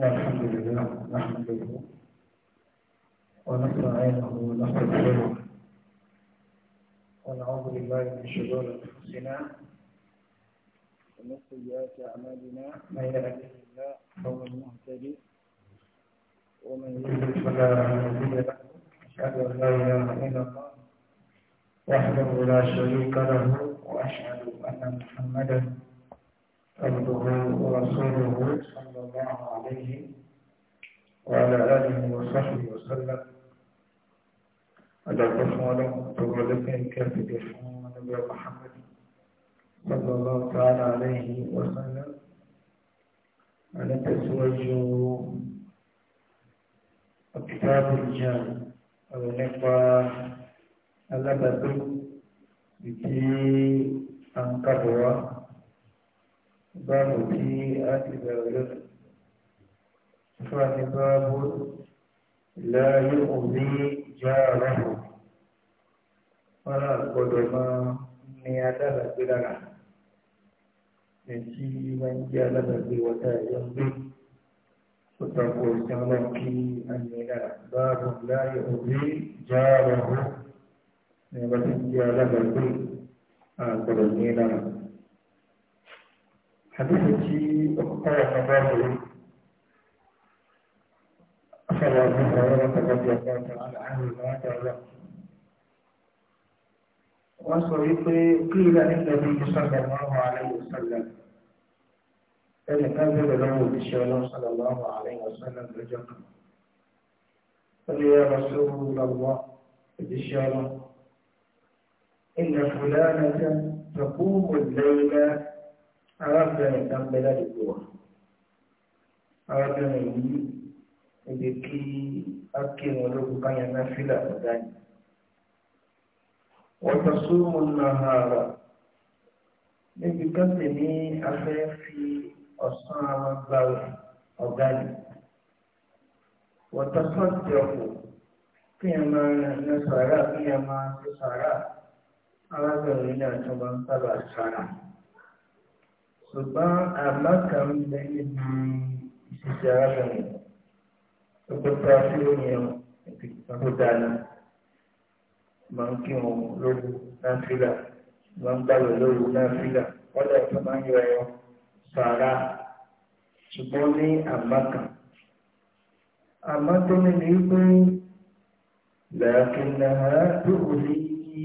والحمد لله نحمده ونستعينه ونستغفره ونعوذ بالله من شرور انفسنا ومن سيئات اعمالنا من يهده الله فهو المهتدي ومن يضلل فلا هادي له اشهد ان لا اله الا الله وحده لا شريك له واشهد ان محمدا عبده ورسوله صلى الله عليه وعلى آله وصحبه وسلم على ولو تغلق الكافر نبي محمد صلى الله تعالى عليه وسلم على تزوج الكتاب الجامع أو نقوى الأبد بكي أنقذها báàbù tí a ti bẹ̀rẹ̀ lónìí fún àti báàbù láàyè òbí já aláwọ̀ wọn náà gbọdọ̀ máa ní adágbàgbé lára èyí máa ń jẹ́ alágbàgbé wọ́tá ẹ̀yọ́ ń gbé ó ìtàn náà kí a ní lára báàbù láàyè òbí já aláwọ̀ ní ọba tí jẹ́ alágbàgbé àgbọ̀dọ̀ ní lára. حديث في أقوى مبادئ أخذ أبو هريرة رضي الله تعالى عنه ماذا وصريق قيل للنبي صلى الله عليه وسلم أن نزل له بشأن صلى الله عليه وسلم رجقا قال يا رسول الله بشأن إن فلانة تقوم الليل arábìnrin kan bẹ ládùúgbò wa arábìnrin yìí ebi kí ákè wọn lókun káyà náà fílà ọ̀gá yìí wọ́n tọ́ sóhun náà hàrà níbi kan ní afẹ́ fi ọ̀sán yìí wọ́n sọ́ọ̀tì ọ̀pọ̀ kí ẹ máa kí ẹ máa ṣùgbọ́n àmọ́kà ń bẹ níbi ìṣiṣẹ́ arábìnrin gbogbo tó a fi ń yan ìpínlẹ̀ dání máa ń kí wọn lóru náà fílà máa ń gbàgbé lóru náà fílà wọ́n lè fẹ́ máa ń yọ ẹyọ sàrà ṣùgbọ́n ní àmọ́kà àmọ́ tó ní ní pé làákìnnà tó kù sí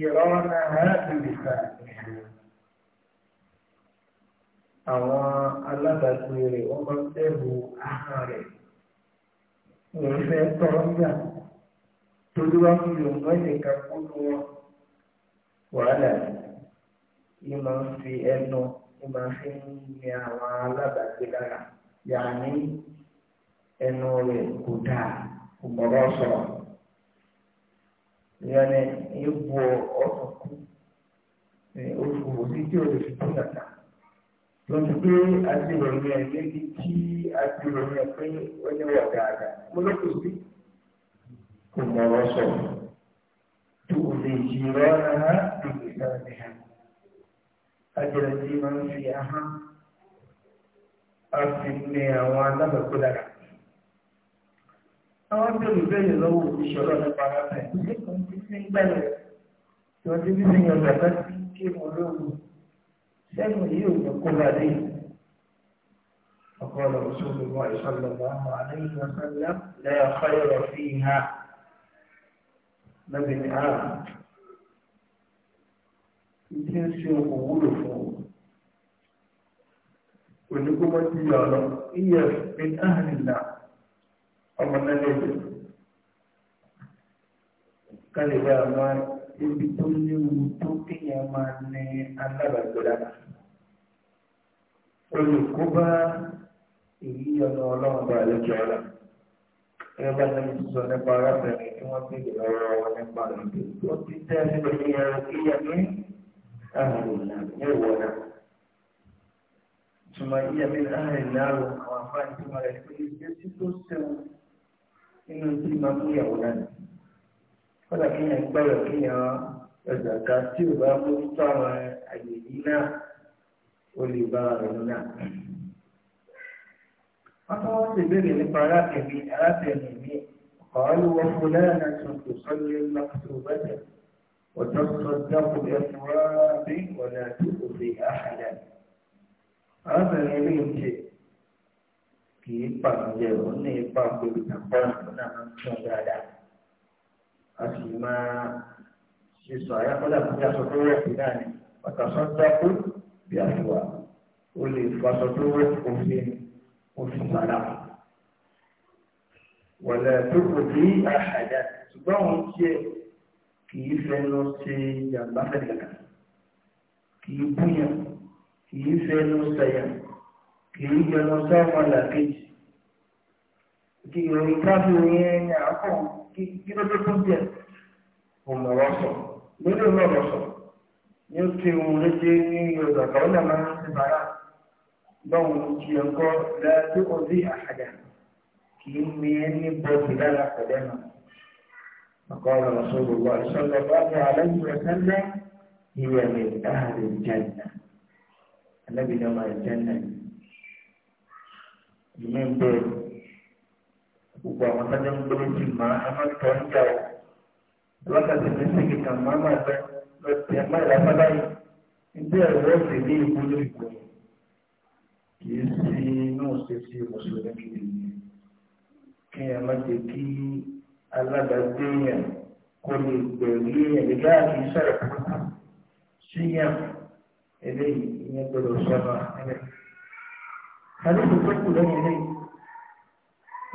ìrọ́nà àbìlẹ̀ sàrà àwọn alábàáṣe rẹ̀ wọ́n máa ń bẹ̀rù ahọ́n rẹ̀ wọ́n fẹ́ tọ́rọ́ gbà torí wọ́n fi òun ẹnìkan kó ló wọn wàhálà yìí máa ń fi ẹnu yìí máa fi ń ní àwọn alábàáṣe lára yàní ẹnu rẹ̀ kò dáa kò mọ̀rọ̀ sọ̀rọ̀ yẹn ni ibò ọ̀sán kú oṣù òsì tí o lè fi kú nàta lọ́dún pé a ti rọ̀rùn ẹ̀ lébi tí a ti rọ̀rùn ẹ̀ pé ó ní wà dáadáa mo lọ́kọ̀ sí kò mọ ọ̀rọ̀ sọ̀rọ̀ tó o lè yí rọ́ra ha lórí ìdáraẹ̀ ha ajẹ́rẹ́ tí máa ń fi ahọ́n a fi ní àwọn alábàápẹ́ lára àwọn bẹ̀rù bẹ̀rẹ̀ lọ́wọ́ ìṣòro nípa ara rẹ̀ nígbà tí wọ́n ti ní sẹ́yìn ọ̀gá bá ti ń ké wọn lóhùn. سألوا إيه وكل هذه فقال رسول الله صلى الله عليه وسلم لا خير فيها ما بتعرف يمكن شو قوله فوق ونقوم هي من أهل الله أما النبي قال يا مالك ibi tó léwu tó kéèyàn máa ní alábàgbéraga olùkóbá èyí ọ̀nà ọlọ́run bá lójú ọ̀la ẹ bá ní sísọ nípa arábìnrin tí wọ́n ti lè ọ̀rọ̀ wọn nípa ìdè tó ti tẹ́ níbẹ̀ ní ẹ̀rọ kéèyàn ní ààrùn ní ìwọ̀ náà. Tùmọ̀ yíyá mi láàrin láàrùn àwọn afáàní tí wọ́n rẹ̀ pé ìgbésí tó sẹ́wọ̀n nínú tí màmú ìyàwó náà. kọ́nà kí yẹn gbọ́dọ̀ kí yẹn ọjà ká tí ò bá mójútó àwọn àyè yìí náà ó lè bá rẹ̀ náà. wọ́n tún wọ́n sì béèrè nípa arábìnrin arábìnrin mi قالوا وفلانة تصلي المكتوبة وتصدق بأثواب ولا تؤذي أحدا arábìnrin ilé ń ṣe kì í pàmìyẹ òun ní ipa pẹ̀lú ìtàkùn náà ń tún dáadáa. a sì máa ṣe sọ àyàkọ́lá àti aṣọ tó rẹ̀ sí náà ni pàtàkì dákú bí àṣùwà ó lè faṣọ tó rẹ̀ òfin òfin sára. wọ̀lẹ̀ tó kò sí àṣàjà ṣùgbọ́n òun tiẹ̀ kì í fẹnu ṣe yàgbá fẹ̀dàkà kì í búyàn kì í fẹnu ṣẹyà kì í yọnu sáwọn làkejì kí ìròyìn káfíń yẹn àkọ́ kí ló dé fún díẹ̀ òmùrọ̀ sọ lórí òmùrọ̀ sọ ní ó ti ohun léṣe ní yorùbá kan náà máa ń ṣe bàrà báwọn olùjì ẹ̀kọ́ láti ọdún àhàdà kì í mi ẹni bọ́ọ̀dù lára pẹ̀lẹ́ náà. فقال رسول الله صلى الله عليه وسلم هي من أهل الجنة النبي لما الجنة من بين gbogbo àwọn tó ń gbé méjì máa a máa tọ́ ń jà o wákàtí mi sì kì kàn máa máa bẹ lọ tẹ ẹ má ìlà fábá yìí níbi ẹ̀rọ ọ̀sẹ̀ ní ìlú lórí ìkọ́ kì í sí inú ṣe sí mùsùlùmí kìí kí ẹ má jẹ kí alábàágbé yẹn kó lè gbẹ̀rí yẹn nígbà kì í sọ̀rọ̀ púpọ̀ sí yẹn eléyìí ìyẹn gbọdọ̀ sọ̀rọ̀ ẹ̀rẹ́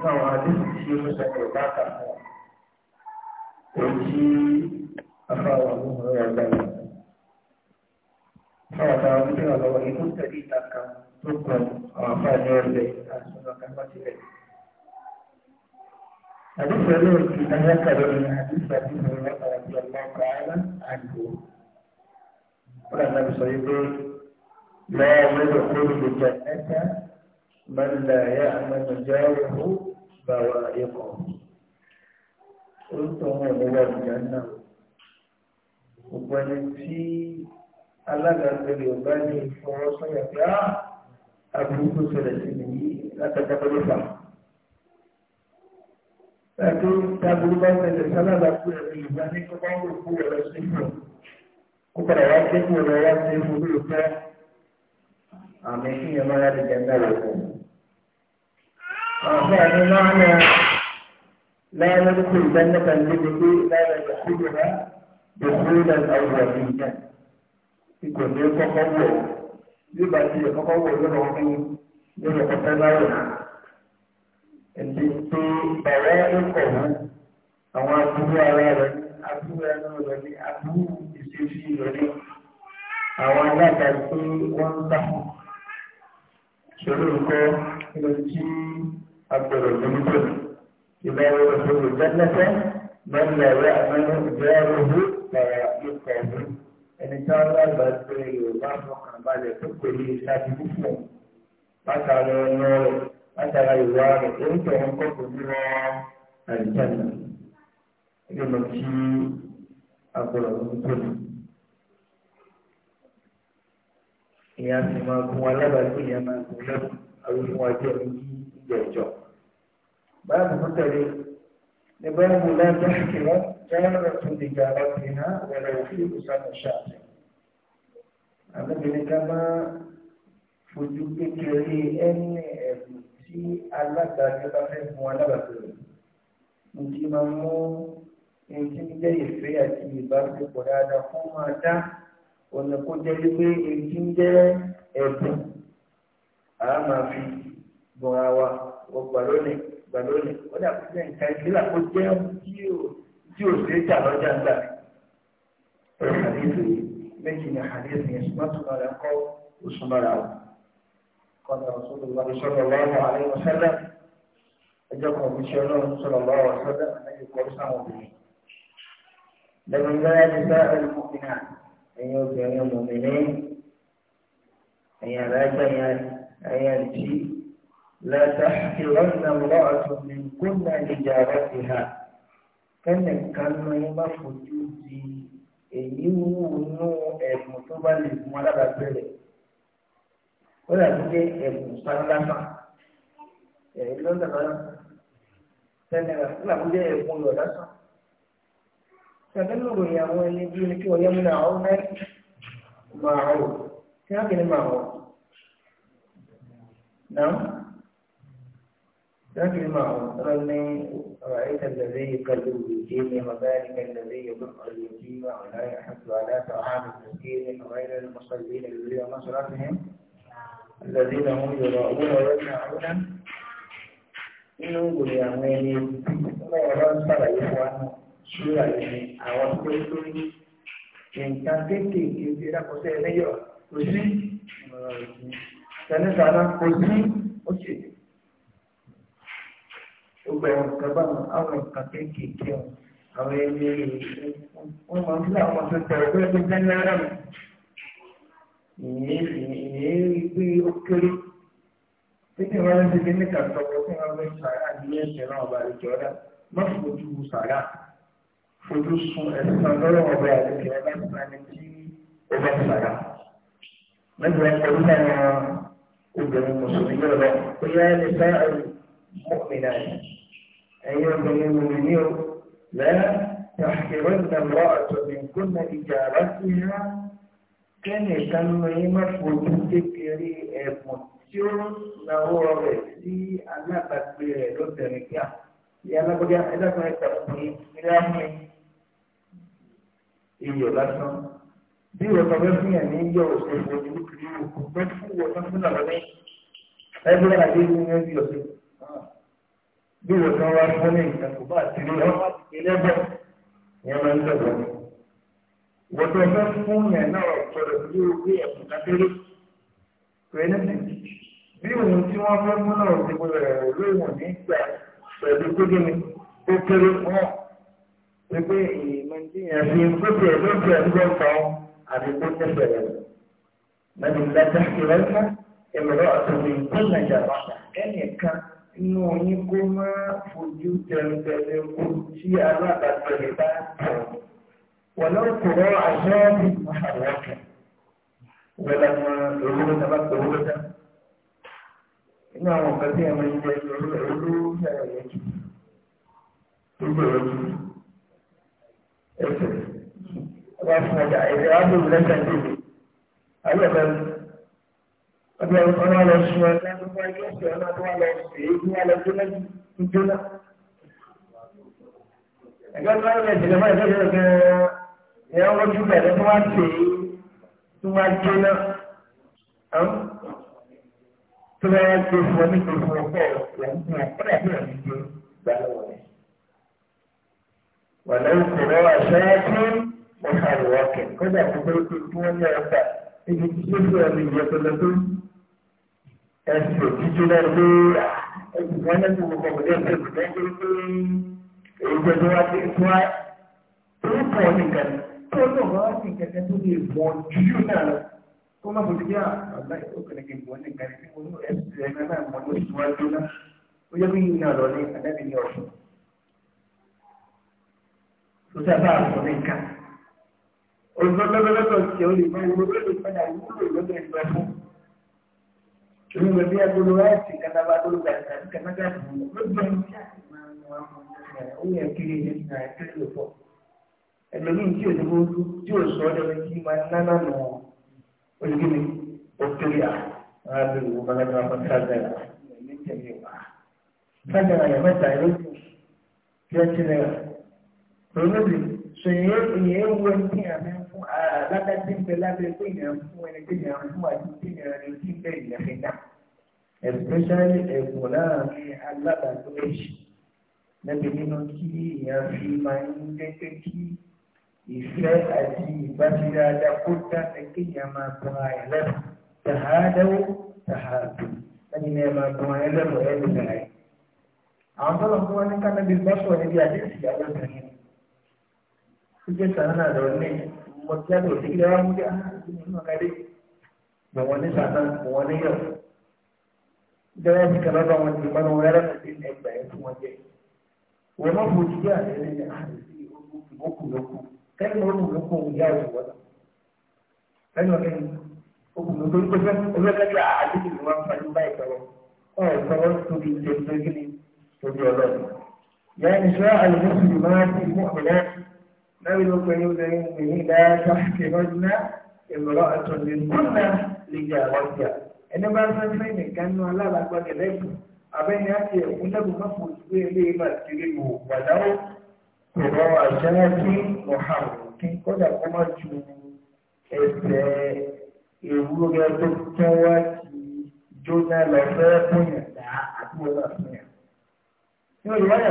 náà àdéhùn tí ó sọ̀rọ̀ bá kà fún ọ èyí afáwà mú ọ̀rọ̀ ọ̀gá rẹ̀. Fáwọn àtàwọn ọmọdé wà lọ́wọ́ ikú tẹ̀lé ìtàkà tó kọ àwọn afáàní ọ̀rẹ́ àti ọ̀nà kan wá sílẹ̀. حديث يقول في أن يكره من حديث أبي هريرة رضي الله تعالى عنه قال النبي صلى الله عليه وسلم لا يدخل الجنة من لا يأمن جاره سوائقه orúkọ ọmọ ìlọ́wọ́ ìjà náà gbogbo ẹni tí alágbàgbèrè ọba ní ìfọwọ́sọ̀yà pé á ah! àbúrúkú ṣẹlẹ̀ sí mi yìí látàjà pẹ̀lú fà. Ẹ̀tọ́ dábúrú bá ṣẹlẹ̀ sálábàkú ẹ̀mí ìgbà ní kó bá wò kú ẹ̀rọ sí fún un. Ó padà wá sí fún ẹ̀rọ wá sí fún olóògbé àmì kí ẹ̀ máa yá lè náà wò يعني معنى لا ندخل الجنة التي لا يدخلها دخول الأولين يكون لي تقوى يبقى في تقوى لهم ليتتبعون ìdíje bàwáríkọ̀ àwọn aburú ara rẹ̀ aburú ẹnu rẹ̀ ní aburú ìṣesí rẹ̀ ní àwọn alága tí wọ́n ń dà. Ṣòro nǹkan ló jí agbèrò lójú ìbẹ̀rù òṣèlú jẹ́nẹ́fẹ́ lọ́lẹ̀ rẹ̀ àwọn ìbẹ̀rù òhù lọ́rọ̀ ikọ̀ òhù ẹni tí wọ́n lọ́gbà pé yorùbá fọkàn balẹ̀ tó pè ní ìṣàkóso fún látara ọ̀nà rẹ̀ látara ìwà rẹ̀ orúkọ wọn kọ́ kò ní wọn àìjẹ́nà ilé lọ sí agbèrò lójú ìyá ti máa kún wa lábàá sí ìyá máa kún lẹ́kùn àwọn ohun ajé ní ìjọ ìjọ. باب مدري لباب لا تحكم كانت لجارتها ولو في أسامة شاطئ أنا بنكما fojú kékeré ẹni ẹ̀bùn tí alágbàjọ bá fẹ́ fún alábàtò rẹ̀. Mo ti máa mú ẹni tí ń jẹ́ ìfẹ́ àti ìbáṣepọ̀ dáadáa fún máa dá ọ̀nà kó jẹ́ wípé ẹni tí ń jẹ́ ẹ̀bùn àá máa fi bọ̀ àwa ọgbà lónìí gbà lónìí wọ́n dà fún nǹkan ìgbélà kó jẹ́ tí ò tí ò sí jà lọ́jà ńlá rẹ̀ àdéhùn méjì ní àdéhùn yẹn ṣùgbọ́n tó lọ́ra kọ́ oṣù lọ́ra o kọ́nà ọ̀ṣun lọ́wọ́ sọ́dọ̀ lọ́wọ́ àlẹ́ ọ̀ṣẹ́lẹ̀ ẹjọ́ kan fi ṣe ọlọ́run sọ̀rọ̀ lọ́wọ́ ọ̀ṣẹ́lẹ̀ àlẹ́ ìkọ́ sáwọn obìnrin lẹ́nu gbẹ́rẹ́ ní sẹ́ẹ̀rẹ́ ìmọ̀kìnà ẹ̀yin obìnrin mọ̀mìnrin ẹ̀yin àlẹ́ ẹ̀yin àlẹ́ لا تحقرن امرأة من كل لجارتها كان كان ما فوتي èyí wù nú ẹ̀bùn tó bá lè fún alábàápẹ̀rẹ̀ ó dàbí pé ẹ̀bùn sáńlámà ẹ̀yí lọ́dà bá tẹ́lẹ̀rà ó dàbí pé ẹ̀bùn lọ lásán ṣàbẹ́lòrò yìí àwọn ẹni bí ní kí wọ́n yẹ́ múná àwọn náà máa wò kí wọ́n kì í máa wò náà. لكن معه رمي رأيت الذي يكذب بالجيم وذلك الذي يبق اليتيم ولا يحث على طعام المسكين غير المصلين الذين نصرتهم الذين هم يراؤون ويمنعون inú gbòòrò àwọn ẹni ọlọ́wọ́ ọlọ́run sàlàyé fún wa ṣúra ẹni àwọn tó tó ní nǹkan kéékèèké ti rákọsẹ́ ẹlẹ́yọ̀ kò sí gbogbo ẹ̀wọ̀n kaba àwọn nǹkan kéékèèké ọ̀ àwọn ẹni wọn máa ń fi àwọn tó tẹ̀ ọ̀gbẹ́ ẹgbẹ́ jẹ́nẹ́rà mi ìyẹn rí pé ó kéré títí wọn ń ṣe ní kàtọ́ pé kí wọn fẹ́ sàrà ní ẹsẹ̀ náà ọba àlejò ọ̀dà má fojú sàrà fojú sun ẹ̀sán lọ́rọ̀ ọba àlejò ọ̀dà sàrà bá sàrà mẹ́jọ أيها المؤمنين لا تحقرن امرأة من كل إجابتها كان تنظيم فتذكر emotion náwó rẹ̀ sí alábàgbé rẹ̀ lóbìnrin kíá ní alábàgbé ẹlẹ́gbẹ̀rẹ́ tàbí mílíọ̀nù iyọ̀ lásán bí wọ́n tọ́jú fún yàn ní yọ̀ òṣèlú ojú kìlú òkú pẹ́ fún wọ́n tọ́jú náà lọ́dún ẹgbẹ́ àdéhùn ẹgbẹ́ ọ̀sẹ̀. bí wọ́n kan wá fún ní nǹkan kò bá ti rí ọ́ láti pè lẹ́bọ̀ ìyẹn máa ń lọ́bọ̀ ni. wọ́n tó fẹ́ fún yẹn náà sọ̀rọ̀ bí o gbé ẹ̀kún kábẹ́rẹ́ pẹ̀lú bí òun tí wọ́n fẹ́ mú náà ti gbọ́dọ̀ rẹ̀ lóhùn nígbà pẹ̀lú gbógi ni ó kéré wọn pépé ìmọ̀ndínyàn fi gbógi ẹ̀ lóògì àdúgbò kan àti gbógi bẹ̀rẹ̀ rẹ̀. mẹ́rin lẹ́tà ìrẹ́sà ìmọ̀ràn kan inú yín kó má fojú tẹ̀lẹ̀tẹ̀lẹ̀ kú tí alábàtẹ̀lẹ̀ bá tẹ̀ wọ́n náà kọ̀rọ̀ àṣọ ní mọ̀ṣáláṣí wẹ́lá mọ òwúrọ̀ náà bá tẹ̀ òwúrọ̀ náà inú àwọn kan tí ẹ̀mọ ìjẹ ìlú ẹ̀rú yàrá yẹn jù gbogbo ẹ̀rọ jù ẹsẹ̀ wọ́n fún ọjà ẹ̀rọ abúlé lẹ́sẹ̀ ń dèbè ayé ẹ̀rọ ọdún ẹni kan wá lọ sun ẹ lọ́dún ẹjọ́ ọ̀sẹ̀ ọ̀nà tó wá lọ sí èyí wá lọ jóná jóná. ẹgbẹ́ tó wá lọ ìṣẹ̀lẹ̀ máa ìṣẹ̀lẹ̀ gan-an ìyá wọn ju bẹ̀rẹ̀ tó wá sí èyí tó wá jóná. tó bá yá gbé fún ọ ní gbé fún ọ bẹ́ẹ̀ lọ́dún ọ̀pọ̀lọpọ̀ àti ìgbé gbà lọ́wọ́ rẹ̀. wàlẹ́ ìkọ̀rọ̀ àṣẹ mọ̀ṣáàlù wọ́ọ̀kẹ̀ kọ́dà tó bẹ́ẹ̀ tó wọ́n yára gbà ibi tí ó fi ọ̀nà ìyẹ̀pẹ̀lẹ̀ tó ń ẹ̀sìn òtítí lẹ́nu pé ẹ̀sìn wọn lẹ́nu gbogbo ọmọdé ẹ̀sìn òtítí lẹ́nu pé èyí jẹ́ tó wá sí fún wa tó ń pọ̀ ní nǹkan tó ń lọ́wọ́ wá sí nǹkan tó lè mọ̀ jù náà lọ tó má bòtí yá àgbà ìfowópamọ́ kì í mọ̀ ní nǹkan tí mo ní ẹ̀sìn ẹ̀mẹ́ náà mọ̀ ní oṣù wájú náà ó yẹ kí yíyan lọ ní àdábì ní ọ̀sùn tó sábà àbọ̀ ní nǹkan olùdókòlòlòtò ṣe olùdókòlòlòtò ṣe Tumerudia kuluwati kadaba duga kana kana lugbencha huyu akili ni na akili yupo. Ẹlòmíì tí òṣèlú tí ò sọ ọdọ ẹni tí máa ń nánà nù olùgbìmí òkèlè à á lè wò balẹ̀gbà pàtàkì ẹ̀mí tẹ̀lé wà. Sájà àyà mẹ́ta ẹ̀rọ kù kí ẹ ti rẹ̀ rẹ̀ lóde èèyàn wọ ní àmì fún alága tí ń bẹ lábẹ́ pé èèyàn fún ẹni tí èèyàn fún àti tí èèyàn ní tí ń bẹ èèyàn fi dá especially ẹ̀bùn láàrin alábàágbé ẹ̀ṣin lẹ́bi nínú kí èèyàn fi máa ń lékè kí ìfẹ́ àti ìbáṣẹ́ra dákó dáná kí èèyàn máa tọ́ àyè lẹ́nu tàhádẹ́wò tàhádù lẹ́yìn náà máa tọ́ àyè lẹ́nu ẹ̀ lẹ́nu ẹ̀. àwọn tó lọ fún wọn ní kuke sanana da wani mutiya da wata gida ya mutu a cikin makare da wani sanan da wani yau da ya fi kamar ban wani mana wani rana din da ba ya fi waje wani mafuci ya ne da ya harfi goku goku kai ma wani goku ya yi wata kai ma kai goku goku kusan kusan da ka a cikin ruwan fadin bai kawo kawai kawai su bi jirgin gini su bi náà ló pe ní obìnrin pè ní ìdáyàtọ̀ ìrọ́júná ìrọ̀lọ́ àtọ̀lẹ̀ gbọ́nà lè jà ọjà ẹni bá fẹ́fẹ́ nìkan nú alábàgbàgẹ̀ lẹ́bùn abẹ́ni àti ẹ̀kún lẹ́bùn mọ́pọ̀ ìwé ilé ìgbà kiri wò wàdáwó kòrọ̀ àṣẹ́yẹ́ sí mọ̀hàmù kí kọ́dà kọ́ má ju ẹsẹ̀ ewúrẹ́ tó tẹ́ wá ti jóná lọ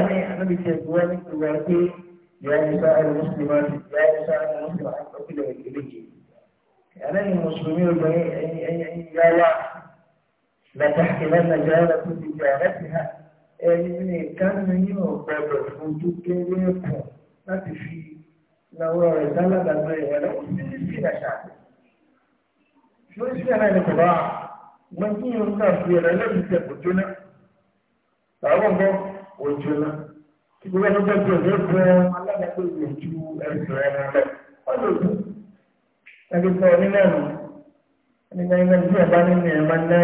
ní àná mi ṣe ìgbéwá nípa ìwà pé يا نساء المسلمات يا نساء المسلمات أقول إليك أنا المسلمين البني أي أي أي يا يا لا تحكمن جارة بجارتها ẹni kan ní ọ̀gbọ̀dọ̀ fojú kéré ẹ̀kọ́ láti fi lọ́wọ́ rẹ̀ dáládàgbà ìwà rẹ̀ sí sí àṣà. lórí sí àná ẹni kọ̀ọ̀bá wọn kí yóò ń kà fi ẹ̀rọ ẹlẹ́bìí tẹ̀ kò jóná. tàwọn bọ́ òjò náà ìgbẹ́ tó tẹ̀sí ọ̀dọ́ fún alágbàgbé ìlú ju ẹ̀sùn rẹ̀ lọ. ó lè dùn ẹbí sọ nílẹ̀ nù ẹni náà iná tí ẹ̀bá nínú ẹ̀ máa ná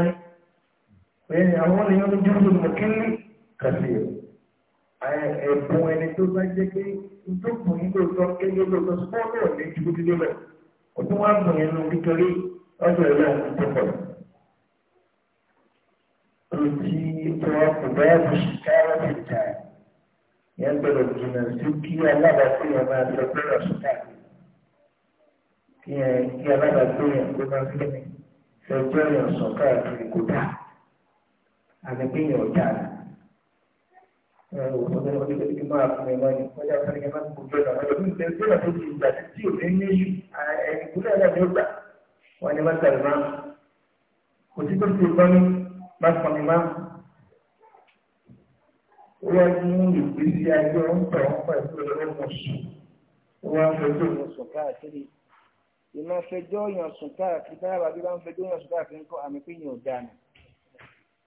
pé àwọn ènìyàn tó dúró lọ kílí kàṣì ẹ̀bùn ẹni tó bá jẹ́ pé ìjókòó yìí lóòótọ́ kéde lóòótọ́ sọ́ọ́ náà lè ju dídé lọ. ó tún wá bùn yẹn nù nítorí ọjọ́ ìlú àwọn tó pọ̀ Oti tó a kò bá a bù sí káyọ̀ yẹn gbọ́dọ̀ jìnnà sí kí alábàápé yẹn máa lọ gbọ́dọ̀ sí káàkiri kí yẹn kí alábàápé yẹn kó máa fi ní fẹjọ́ yẹn sọ káàkiri kò dáa àti pé yẹn ò dáa ni. Ọ̀gbọ́n ní ọdún kẹ́kẹ́ máa fún mi lọ́yìn kọjá fún ẹgbẹ́ máa ń gbọ́dọ̀ náà lọ́dún ní ìgbẹ́ tó ti ìgbà tí ò ní ní yù ẹni kúlẹ̀ náà ni ó tẹ̀lé máa kò sí tó ti gbọ́ ní má pọ̀ ní máa. wọ́n ọ ìgbésí ayé ọ̀pẹ̀ ọ̀pẹ̀ pẹ̀lú ọmọ sùn wọ́n fẹjọ́ yàn sùn káàkiri ìmọ̀ fẹjọ́ yàn sùn káàkiri táyà bàbí bá ń fẹjọ́ yàn sùn káàkiri ńkọ́ àmì pé èèyàn ò dà nù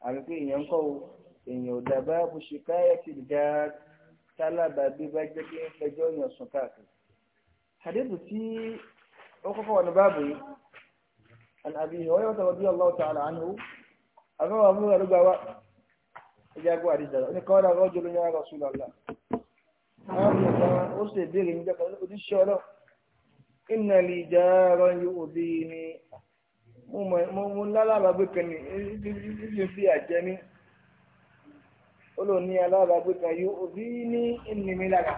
àmì pé èèyàn ńkọ́ o èèyàn ò dà bá bó ṣe káyà ti dá tálábà bí bá jẹ́ pé ń fẹjọ́ yàn sùn káàkiri. àdébù tí ó kọ́kọ́ wà báàbò yìí àbí ìhọ́yọ́ ẹjẹ́ àgbọ̀ àdìjàdà ní kọ́ńdà rọ́jò ló yára sùn lọ́la. arákùnrin kan ó sì béèrè níjọ́ kan oníṣẹ́ ọlọ́ ìnà lè jà rọ yóò bí ni mo lálàbàgbé kan ní ìdí fi àjẹ mi ó lò ní alábàgbé kan yóò bí ní ìnìmí lára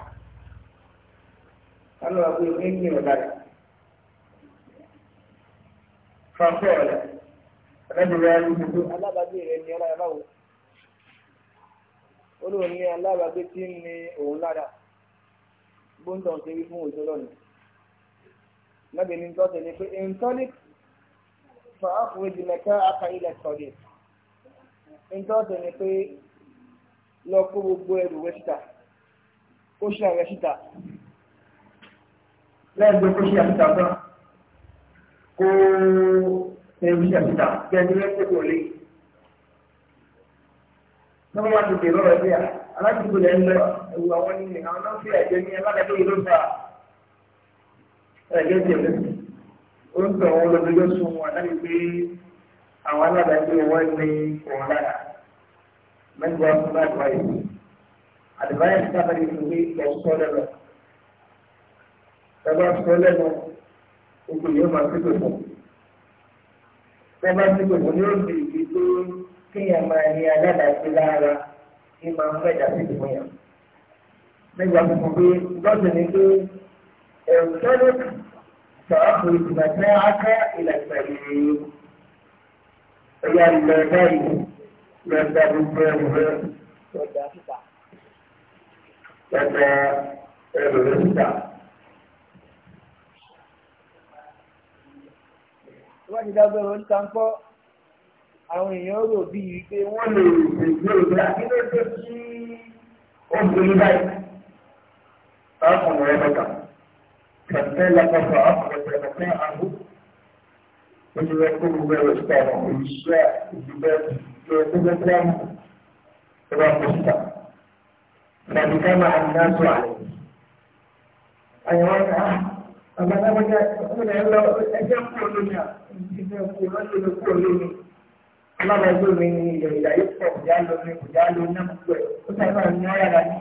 alábàgbé kan ní ìnìmí lára. rẹ̀ ní ọlá ẹ̀báwò olóhùn ní alábàágbé tí ń ní òun lára gbóńtọ̀ ń ṣeré fún òjò lọ́nà lọ́bẹ̀ ní tọ́tẹ̀ ni pé intonic fa áfúrẹ́jì mẹ́ta aka ilẹ̀ tọ́lẹ̀ intọ́tẹ̀ ni pé lọ kó gbogbo ẹrù rẹ síta kó ṣe àrẹ síta lẹ́gbẹ̀ẹ́ kó ṣe àṣìta tán kó ṣe àṣìta bẹ́ẹ̀ ni wọ́n pẹ̀lú ọ̀lẹ́yìn ní wọ́n bá ti dèrò rẹ̀ bí i à aládùúgbò lẹ́yìn lẹ́wà ewu àwọn ní àwọn náà fi ẹ̀jẹ̀ ní aládàgbé yìí ló fà á ẹ̀jẹ̀ tẹ̀lé ó ń tọ̀ wọn lọ́dún yóò wọn láti gbé àwọn aládàgbé wọn ní òun lára mẹ́jọ fún advice advice sábàdì fún mi lọ sọ lẹ́nu ẹ bá sọ lẹ́nu ogun yóò máa fi pè fún ẹ bá fi pè fún yóò di ìdí tó kéèyàn máa ní aládàáṣe lára kí máa ń mẹ́jà sí ìfún yàn. Mẹ́jà fún pé lọ́sẹ̀ ni pé ẹ̀rù tẹ́lẹ̀ sọ̀rọ̀ fún ìgbà tí wọ́n ìlànà ìrìn ẹ̀yà ìlọ báyìí lọ́dà gbogbo ẹ̀rù rẹ̀ lọ́dà ẹ̀rù rẹ̀ síta. Wọ́n ti dábẹ́ orí kan kọ́ àwọn èèyàn rò bí i pé wọ́n lè gbé ìgbà kí ló dé kí ó gbé ní báyìí. ọkùnrin rẹ bàtà kẹtẹ lakọfọ ọkùnrin rẹ bàtà àhú ojú rẹ kó gbogbo ẹrọ síta ọmọ òṣìṣẹ́ ìdìbẹ ìdìbẹ gbogbo gíráàmù ẹrọ àpòsíta nàbìkà máa ń dá sọ àlẹ. àyẹ̀wò ẹ̀ka àgbàdàgbàdà ọ̀gbìn ẹ̀ lọ ẹgbẹ́ kúrò lónìí à ọlọ́run ẹgbẹ́ mi ni ilẹ̀ ìyá yóò pọ̀ kò já lọ mi kò já lọ náà pọ̀ ó sáré máa ní ọ̀yà dání.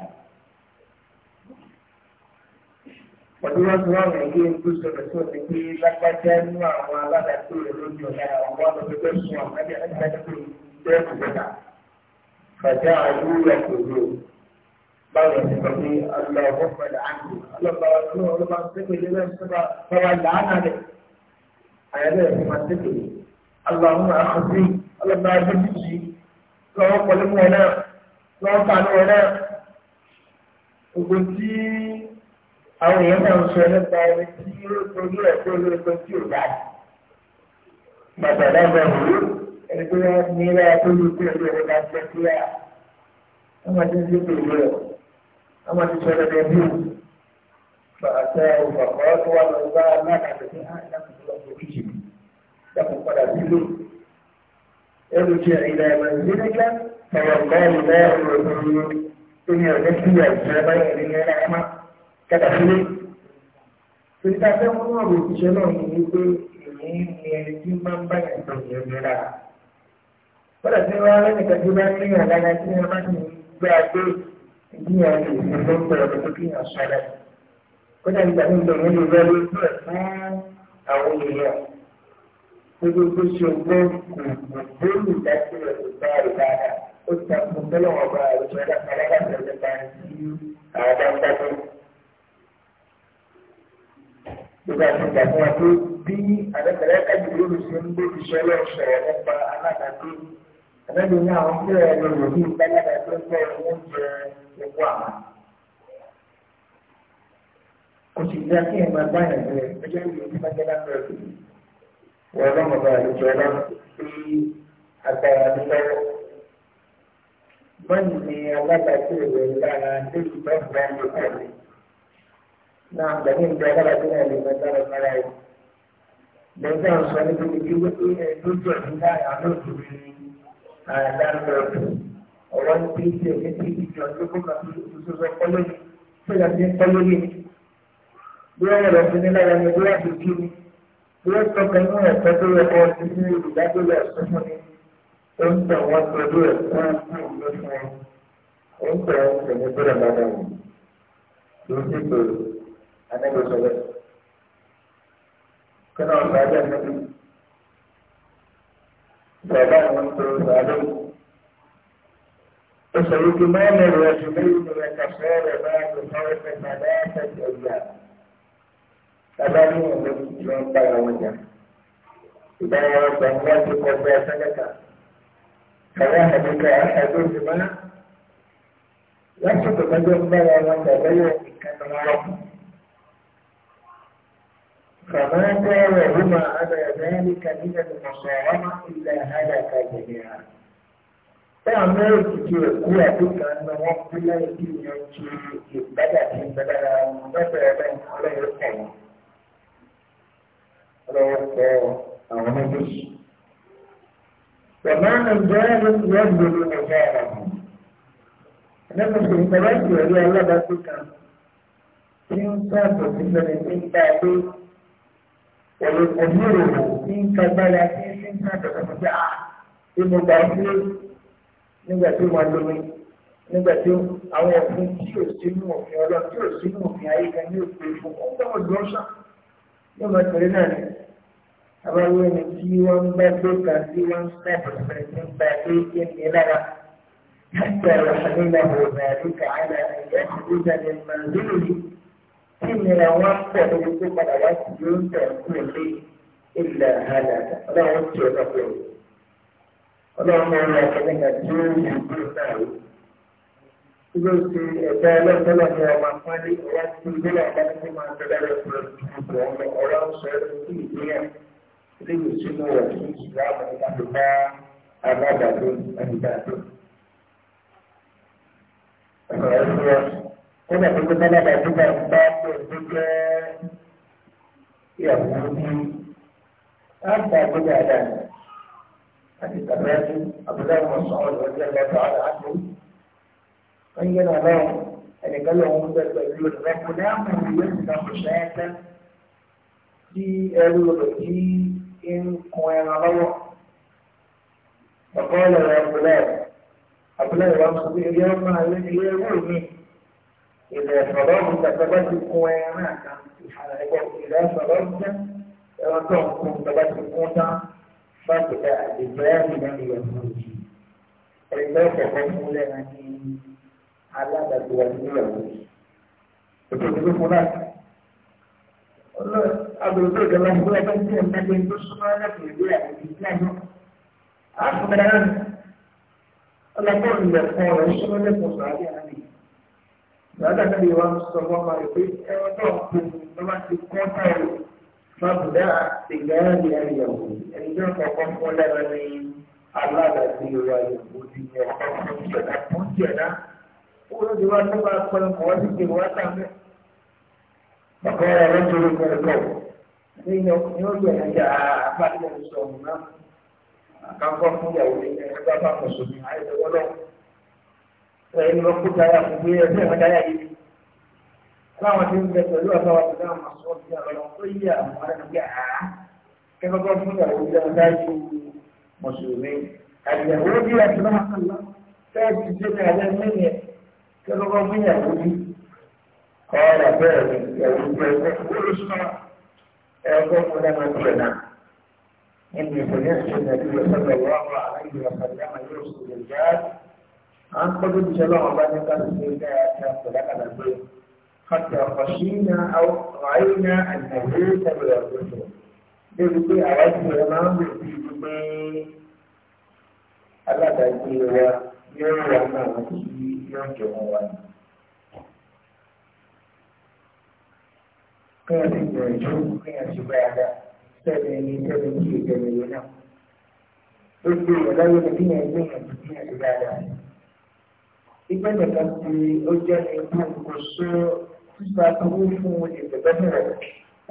pẹ̀lú ọdún ọ̀rọ̀ yìí ń tó sọ̀rọ̀ tó ti pé lágbájá nínú àwọn alábàáṣe rẹ̀ lójú ọ̀gá àwọn ọmọ tó fẹ́ sun àwọn ẹgbẹ́ ẹgbẹ́ tó bẹ́ẹ̀ kò bẹ́ẹ̀ fàjá àlúyà kò lò báwo ni sọ pé ọlọ́wọ́ pẹ̀lú àǹtí ọlọ́ba ọlọ́wọ́ ọlọ́ba ṣẹ́kẹ̀lẹ́ ọlọ́ba agbẹ́jú sí lọ́wọ́ pẹ̀lú wọn náà lọ́wọ́ pàánù wọn náà gbogbo tí àwọn èèyàn náà ń sọ nípa ẹni tí yóò tọ́jú ẹ̀ tó lórí tó tí ò dá gbàgbà dábàá òwú ẹni tó yá ní ilé àtúntò tó lórí ẹ̀rọ bá jẹ́ sí à wọ́n máa ti ń dín pèlú ẹ̀ wọ́n máa ti sọ ẹ̀ lẹ́yìn bí bàtà òfàkọ́ tó wà lọ́wọ́ bá aláàkàtà ní àdáàkàtà lọ́wọ́ òkìkì dákùn padà sílé. ارجع إلى منزلك فيرضى الله العظيم إن يرجعني الإجابة إلي نعمة كدخلي Tòlítà fẹ́ mú ọ̀rọ̀ òṣìṣẹ́ náà ní wípé èmi ni ẹni tí máa ń bá yàn sọ̀rọ̀ yẹn lọ́la. Bọ́dà tí wọ́n rẹ́ nìkan tí bá ń léyàn lára tí wọ́n bá ti gbé agbé ìdíyàn lè fi ló ń bẹ̀rẹ̀ lọ́dún kí yàn sọ̀rọ̀. Kódà nígbà tí mo lè rẹ́ lójú ẹ̀ fún àwọn èèyàn gbogbo ṣe ọgbọ́n gbòòrò láti ọ̀dọ̀ bá ìbára ó ti takùn tọ́lọ́wọ́ bá àwùjọ alágbàtà nípa sí àwọn dáńdáńdá. Nígbà tí ìgbà fún wa pé bí àdàkàrà kájú lóru ṣe ń gbé iṣẹ́ lọ sọ̀rọ̀ nípa alágbàtà àbẹ́bí ní àwọn tí ẹ̀rọ lòdì ní ìgbàlódé tó ń tẹ oúnjẹ epo àmà. Kò sì dá kí ẹ̀ máa bá ẹ̀ bẹ̀rẹ̀ ẹjọ́ ìlú ìdíbàjẹ́ lábẹ́rẹ́ wọ́n lọ́mọ bá àlejò ọlá sí agbára lọ́wọ́. Mọ́nì ni alábàáṣe rẹ̀ lára lórí bọ́ọ̀lù bá ń lò pàdé. Náà pẹ̀lú ìgbà alára tó wà lè mẹ́ta lọ sára yìí. Lẹ́gbẹ́ ọ̀sán ní kíkí kí wọ́n tó yẹ lójú ọ̀dún láàrin alóòtú ni àdáńdọ̀ọ̀dù. Ọ̀rọ̀ ń pín sí ẹ̀mí tí ìjọ tó kọ́kọ́ tó sọ kọ́lóyè. Ṣé ìyá ti ń kọ́lóyè? Bí wọ́n rọ̀ sí nílára ni yóò sọ pé ní ẹ̀kọ́ tó yẹ kó ti ní ìdádúrà sọ́mọ́ ni ó ń tẹ̀ wọ́n pẹ̀lú ẹ̀kọ́ fún ìlú fún ẹ ó ń tẹ̀ wọ́n pẹ̀lú bọ́dà bàdà wò ló ti pè é anẹ́gbẹ̀sọ̀rọ̀ kí náà bá dà níbi bàbá àwọn ń tẹ̀ wọ́n sàlẹ̀ ó sọ wípé mọ́ọ̀mù rẹ̀ ṣùgbọ́n ìlú rẹ̀ kà sọ́ọ̀rọ̀ bá a kò sọ́ọ̀rọ̀ pẹ̀lú bàbá ní ìwé tí wọ́n ń bá ìyàwó jà ìdáwọ́ ọgbà ní wọ́n ti kọjá sẹ́lẹ̀kà kàwé àdéka àdó ìdìbò náà lásìkò tọ́jú ń bá ìyàwó jà lẹ́yìn ìkànnì wọn. فما داوهما على ذلك من المصارمة إلا هلك جميعا táwọn méjèèjì èkó àdúgbò ní wọn fi lẹ́yìn tí ìyẹn ti ìgbàdàdì ìgbàdàdà ọmọ bẹ́ẹ̀ bẹ́ẹ̀ ọlọ́run kọ̀ wọn lọ́wọ́ àwọn méjèèjì. Bàbá mi bẹ́ẹ̀ ló ti wọ́n gbòòrò nàìjíríà rà mọ́. Ẹlẹ́kùn tó ń bẹ̀rẹ̀ ìlú ẹ̀rí alábàáṣe kan tí ń sọ̀tọ̀ sí lọ́dẹ̀ tí ń bá a lé ẹ̀rọ pẹ̀lú ìròyìn tí ń kagbára tí ń sí ń sọ̀tọ̀ sọ̀tọ̀ sí à tí mo gbà ń nígbà tí wọ́n lómi nígbà tí àwọn òfin tí ò sínú òfin ọlọ́run tí ò sínú òfin ayé kan ní òfin fún ọgbọ́n ọdún ọ̀sán yóò máa tẹ̀lé náà ni àwọn ẹwé ni tí wọ́n ń bá gbé kan tí wọ́n ń fẹ́ pẹ̀lú tí ń bá gbé kí ni lára حتى يحمله ذلك على أن يخرج من منزله إن لو وقته فقد يسجد كل إلا هلك لا يسجد كل اللهم لا كذلك جوز الدنيا ilé ìṣe ẹ̀dá ẹlẹ́gbẹ́lẹ́ ní ọmọ àpáńdé ọ̀rá tí ìgbélé ọ̀gá tí máa tẹ̀lé rẹ̀ fún ìgbìmọ̀ ọmọ ọ̀rá ń sọ ẹ̀rọ sí ìgbéyà ilé ìṣúná rẹ̀ fún ìṣúná àwọn ìgbàlódé alágbàdo ẹ̀dìgbàdo. ọ̀rọ̀ ìṣúná kódà tó gbé alágbàdo bá ń bá tó tó jẹ́ ìyàwó ní àgbàdo dáadáa àti tàbí àbúrò àwọn sọ̀rọ̀ ìwọ́n wọ́n yẹn náà bẹ́ẹ̀ ẹnìkan lọ wọn bẹ pẹ̀lú rẹ̀ kò ní àwọn ìwé nǹkan kò sẹ́yìn tẹ́ tí ẹrú rẹ̀ tí ń kun ẹran lọ́wọ́ ọ̀pọ̀ ẹ̀rọ ẹ̀kúlẹ̀ àbúlẹ̀ ìwà sọ pé ilé ọmọ ilé ilé ẹrú mi ilẹ̀ ẹ̀fọ̀rọ̀ mi tàbí bá ti kun ẹran náà kan ilẹ̀ ẹ̀fọ̀rọ̀ mi tẹ́ ẹran tó ń kun tàbí ti kun tán fáfitì àdìgbẹ́ ẹ̀rù alábàtí wa níyàwó ètò ìdílé fún náà ọlọ agbègbè ìjọba ìlú ẹgbẹ́ tí ẹ máa gbé tó súnmọ́ láti ìlú àti ìdílé àjọ àfúnra náà ọlọpàá ìlú ẹ̀kọ́ rẹ̀ súnmọ́ lẹkọọ sọ àbí àná Bàbá àtàlẹ́ wa sọ fún ọmọ rẹ̀ pé ẹran náà kò ní wọ́n ti kọ́ táwọn fàbùdá ìgbẹ́rẹ́ ní ẹ̀yẹ̀wò ìṣẹ̀dá fún ìṣẹ̀dá. ولدوا النبى كل مواد واتم فقال رجل من القوم حين يوجد جاء بعد الصوم كان قوم يومين هذا ما مسلم عايز ولو فإن ربك يقضي فيها دلائل فما تنزل تلوها فهو تدام مصروف فيها ولوطية ولا نجاع كما قوم يومين ذات مسلمين اليهودي أسمح الله فأجد هذا المنيت kí ló kọ́ fún ìyàwó ní kọ́ọ̀lá bẹ́ẹ̀ ni ìyàwó ní ẹgbẹ́ olùsọ ẹgbẹ́ fúnlẹ́mọ̀tì náà níbi ìfẹ̀yẹ́sì nàbí ọ̀sẹ̀ lọ́wọ́ àlàyé ọ̀sẹ̀ lẹ́mọ̀ yóò sọ lè jẹ́ à ń kọ́ lóbi sọlọ́ ọba ní káṣíṣe dáadáa pẹ̀lú àgbàgbé kàtà ọ̀ṣìnà àwọ̀ráyìnà àgbàgbé tẹ̀lé ọ̀gbẹ̀tọ̀ débi pé àwọn ìgbìyànjú máa ń lò bí gbogbo alábàágbé wa. yóò yọ owó owó tí yóò jẹ owó wa ni. kéèyàn ti gbìyànjú kéèyàn ti bá yàrá sẹ́ni ní sẹ́ni tí èdè ìwé náà. gbogbo ìyàrá yóò ní kéèyàn gbìyànjú kéèyàn ti bá yàrá. ìgbà nìkan ti ó jẹ́ ní ikú kò sọ sísọ akọ́wé fún olè bẹ̀bẹ̀ bẹ̀rẹ̀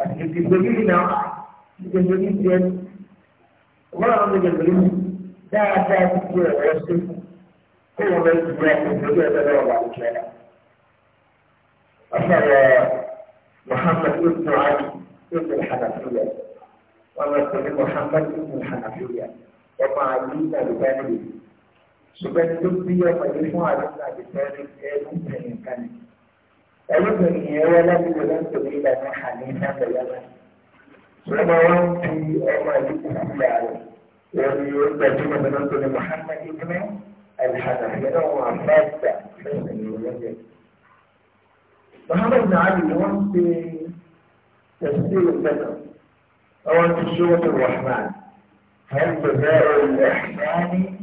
àti ìdìbò yìí náà ìdìbò yìí jẹ́ wọ́n àwọn ọmọdé bẹ̀rẹ̀ dáadáa ti di ọ̀rọ̀ ṣe fún. هو ما يتجاهل بجاء تدور بعد الكلام أثر محمد ابن علي ابن الحنفية ومثل محمد ابن الحنفية وما علينا بذلك ṣùgbọ́n tó bí ọmọdé fún àdúgbò àdìsẹ́rí ẹ̀rú ìtẹ̀yìn kan ní. ẹlẹ́gbẹ̀rún yẹn wọ́n láti wọ́n láti tòun ìlànà àní sábẹ̀ yára. ṣùgbọ́n wọ́n ń fi ọmọ àdìsẹ́rí rẹ̀ lórí ọgbà tó lọ́dọ̀ tó ní Muhammad ibn الحنفية وهم فاسدة محمد بن علي هو في تفسير البدر أو في سورة الرحمن هل جزاء الإحسان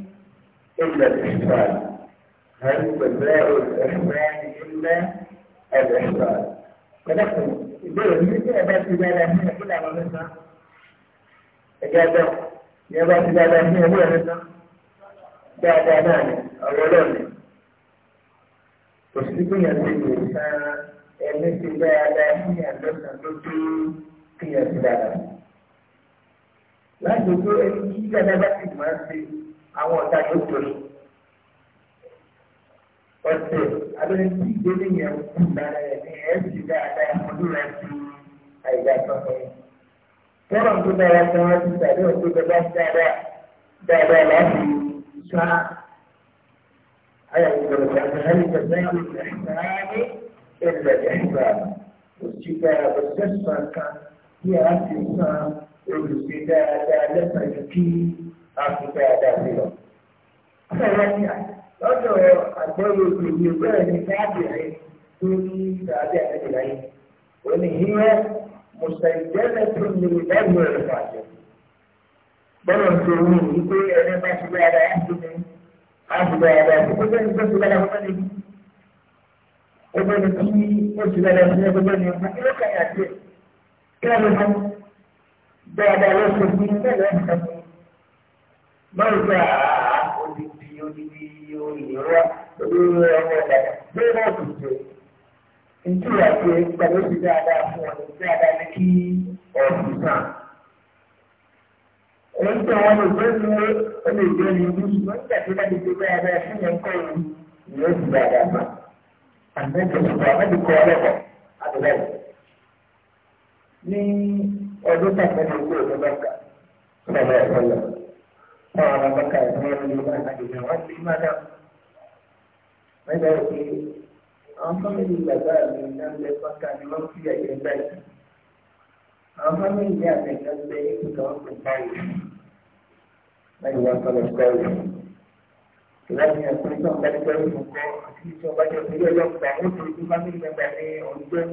إلا الإحسان هل جزاء الإحسان إلا الإحسان فنحن إذا دي أبات إدارة هنا كلها مثلا إجابة يا بات إدارة هنا هو مثلا dáadáa náà ni ọ̀rọ̀ lọ́ọ̀ni. Òsì gbìyàn ti lè san ẹni ti dáadáa gbìyàn lọ́sàn tó tó gbìyàn ti dáadáa. Láti gbé ẹni tí dáadáa bá ti máa ń ṣe àwọn ọ̀tá yóò tóri. Ọ̀sẹ̀ abẹ́rẹ́ tí ìgbélé yẹn kú lára ẹ̀ ní ẹ̀ ti dáadáa ọdún rẹ̀ ti àìdá sọ́kọ̀ yẹn. Tọ́lọ̀ ń tó dára tí wọ́n ti tàbí tó dáadáa dáadáa láti yìí. الإسلام أيضا فهلك زين الإحسان إلا الإحسان والسداد السسفة هي الإسلام والسداد لسلكي السداد فيه أخيرا lọ́dọ̀ àgbọ̀yọ̀ òkèèrè bẹ́ẹ̀ ni káàbìrì tó ní ìdájọ́ ẹ̀ẹ́dẹ̀gbẹ̀rẹ̀ yìí. òní híwẹ́ mùsàlùmí jẹ́lẹ̀ tó ní ìdájọ́ ẹ̀ẹ́dẹ̀gbẹ̀rẹ̀ bọ́lá ń ṣe wí wípé ẹni bá ti gbára ẹ̀ ṣe ni á ti gbára ẹ̀ ṣe pé bẹ́ẹ̀ ni bó ti gbára fún ẹni ó bẹ́ẹ̀ ni kí ó ti gbára fún ẹni bẹ́ẹ̀ ni ó kí ló kàn yà sí ẹ̀ kí ló fún dáadáa ló ṣe fún bẹ́ẹ̀ ló ṣe fún báwo ṣe àá odidi odidi òyìnbó olórí ọmọ ọ̀dà bẹ́ẹ̀ náà kò jẹ́ nítorí àti pẹ̀lú ti dáadáa fún ọ dáadáa ní kí ọ̀sùn náà ẹ̀yìn tí àwọn olùgbé ti lé ẹni ìgbé ni ibi ṣùgbọ́n nígbà tí wọ́n ti ti bá ẹgbẹ́ fún yẹn kọ́ ìlú ìyẹn ti bá ẹgbẹ́ àgbà àti ẹ̀jẹ̀ ṣùgbọ́n àwọn ti kọ́ ọlọ́pọ̀ àdúgbò ní ọdún tàbí ọdún ìgbé ìgbé sọ̀rọ̀ ọ̀sọ̀lọ̀ náà wọn bá ká ẹ̀sìn wọn lórí bá àgbègbè wọn ti má dá. wọ́n gbà pé àwọn fọ́nmìlì bàbá mi náà lẹ́ pàkà ni wọ́n fi ẹ̀jẹ̀ báyìí àwọn fámìlì àtẹ̀kẹ́ bẹ ikú kan kò káyè lẹ́yìn wọn kọ́ lọ sọ́ọ̀rọ̀ ìlànà ìyàpẹ́ tó ń bá dúpẹ́ lórí nǹkan àti ìṣọ́ bá jẹ́ pé yọ̀ọ́ gbà ó ti di fámìlì mẹ́ta ní ọ̀dọ́ mú lè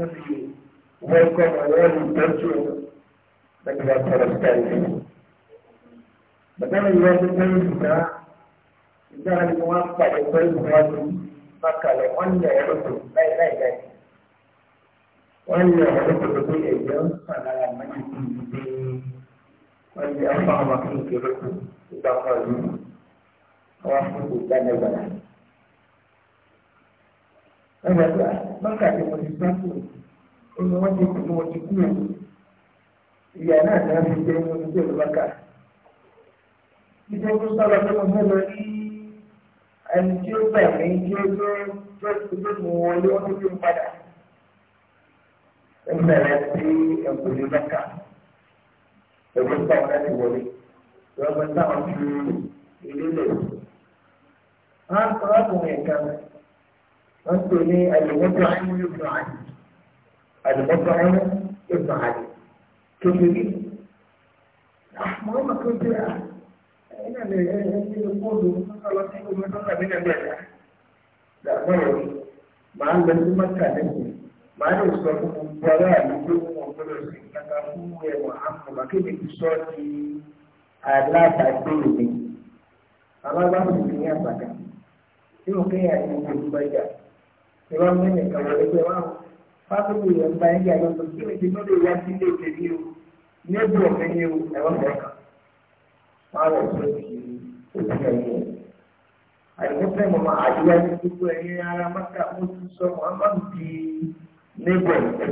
wọ́ọ̀kọ́ ọ̀rọ̀ ìtọ́jú lẹ́yìn wọn kọ́ lọ sọ́ọ̀rọ̀ bàtà mi yọ ọdún pé ìgbà ìgbà ni wọn pàdé pé ìgbà wọn ti bá kalẹ̀ wọn ń lẹ̀ ẹ́ lọ́sọ̀rọ̀ láì láì láì wọ́n lé ọ̀rọ̀ tó tó tó ẹ̀jẹ̀ ń sàn lára mọ́jú kí n gbé wọ́n lé ọ̀fọ̀ ọmọ kí n kéré kù nígbà kan yìí wọ́n fún kò jáde gbàlá. wọ́n lọ gbà bákà tí mo ti sáfù ó ní wọ́n ti kú ní wọ́n ti kú òun ìyá náà ní wọ́n ti gbé wọn ní gbèrú bákà. ìjọba sábà tó ń bọ̀ lọ ní ẹni tí ó gbà mí tí ó tó tó tó mú wọlé wọ́n tó tó ń padà ń bẹ̀rẹ̀ sí ẹ̀kúnlé mẹ́ta ẹ̀kú táwọn láti wọlé lọ́gbọ́n táwọn fi ilé lè wò. wọ́n á ọkùnrin kan wọ́n pè ní àlùmọ́tò ayé ìbùn àdì àlùmọ́tò ayé ìbùn àdì kékeré. àwọn ọmọ kan jẹ́ ẹ̀yìn náà lè ẹni kóòdù lọ sí ọmọdé náà nígbà bẹ́ẹ̀ dàgbọ́n rẹ̀ máa ń lọ sí mọ́tà lẹ́yìn màá lè sọ fún gbogbo ará àdúgbò wọn gbọ́dọ̀ sí kàkà fún ẹwà àkùnbà kéde ti sọ di alábàgbé mi alábàgbé mi ní àbàdà tí mo kéèyàn ní gbogbo ẹja tí wọn mú ẹnìkan wọlé pé wọn fábílì rẹ ń bá ẹja lọ sọ kí ni ti lóde ìyá sí ilé ìtẹ̀lé o ní ẹgbẹ́ ọ̀fẹ́ ni o ẹ̀wọ̀n fẹ́ kàn wọn lọ sọ ti òkú ẹ̀yẹ àìmọ́fẹ́ mọ́ àdúrà ní gbogbo ẹ̀yẹ ara mọ́ta mo ti sọ mọ́ níbọ̀ ẹgbẹ́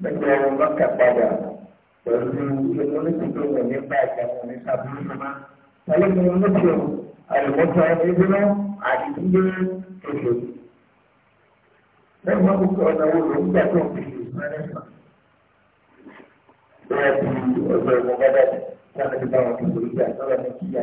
gbẹgbẹ́ ọ̀rọ̀ mọ́kà padà pẹ̀lú ìmúnisìnkú wọn nípa ìjàmọ̀ ní sábúrú mọ́má. Wọ́n ní mọ́tò àlùmọ́tò ẹgbẹ́ àdìgbò èlò. Bẹ́ẹ̀ mọ́tò ọ̀nà wo ló ń gbà tó fi mẹ́rẹ̀ẹ́fà? Bẹ́ẹ̀ bí ọ̀gbẹ́ ìmọ̀ bá dàbí, táwọn ti bá wọn kí wọ́n gbà lọ́wọ́ ní kí ìyá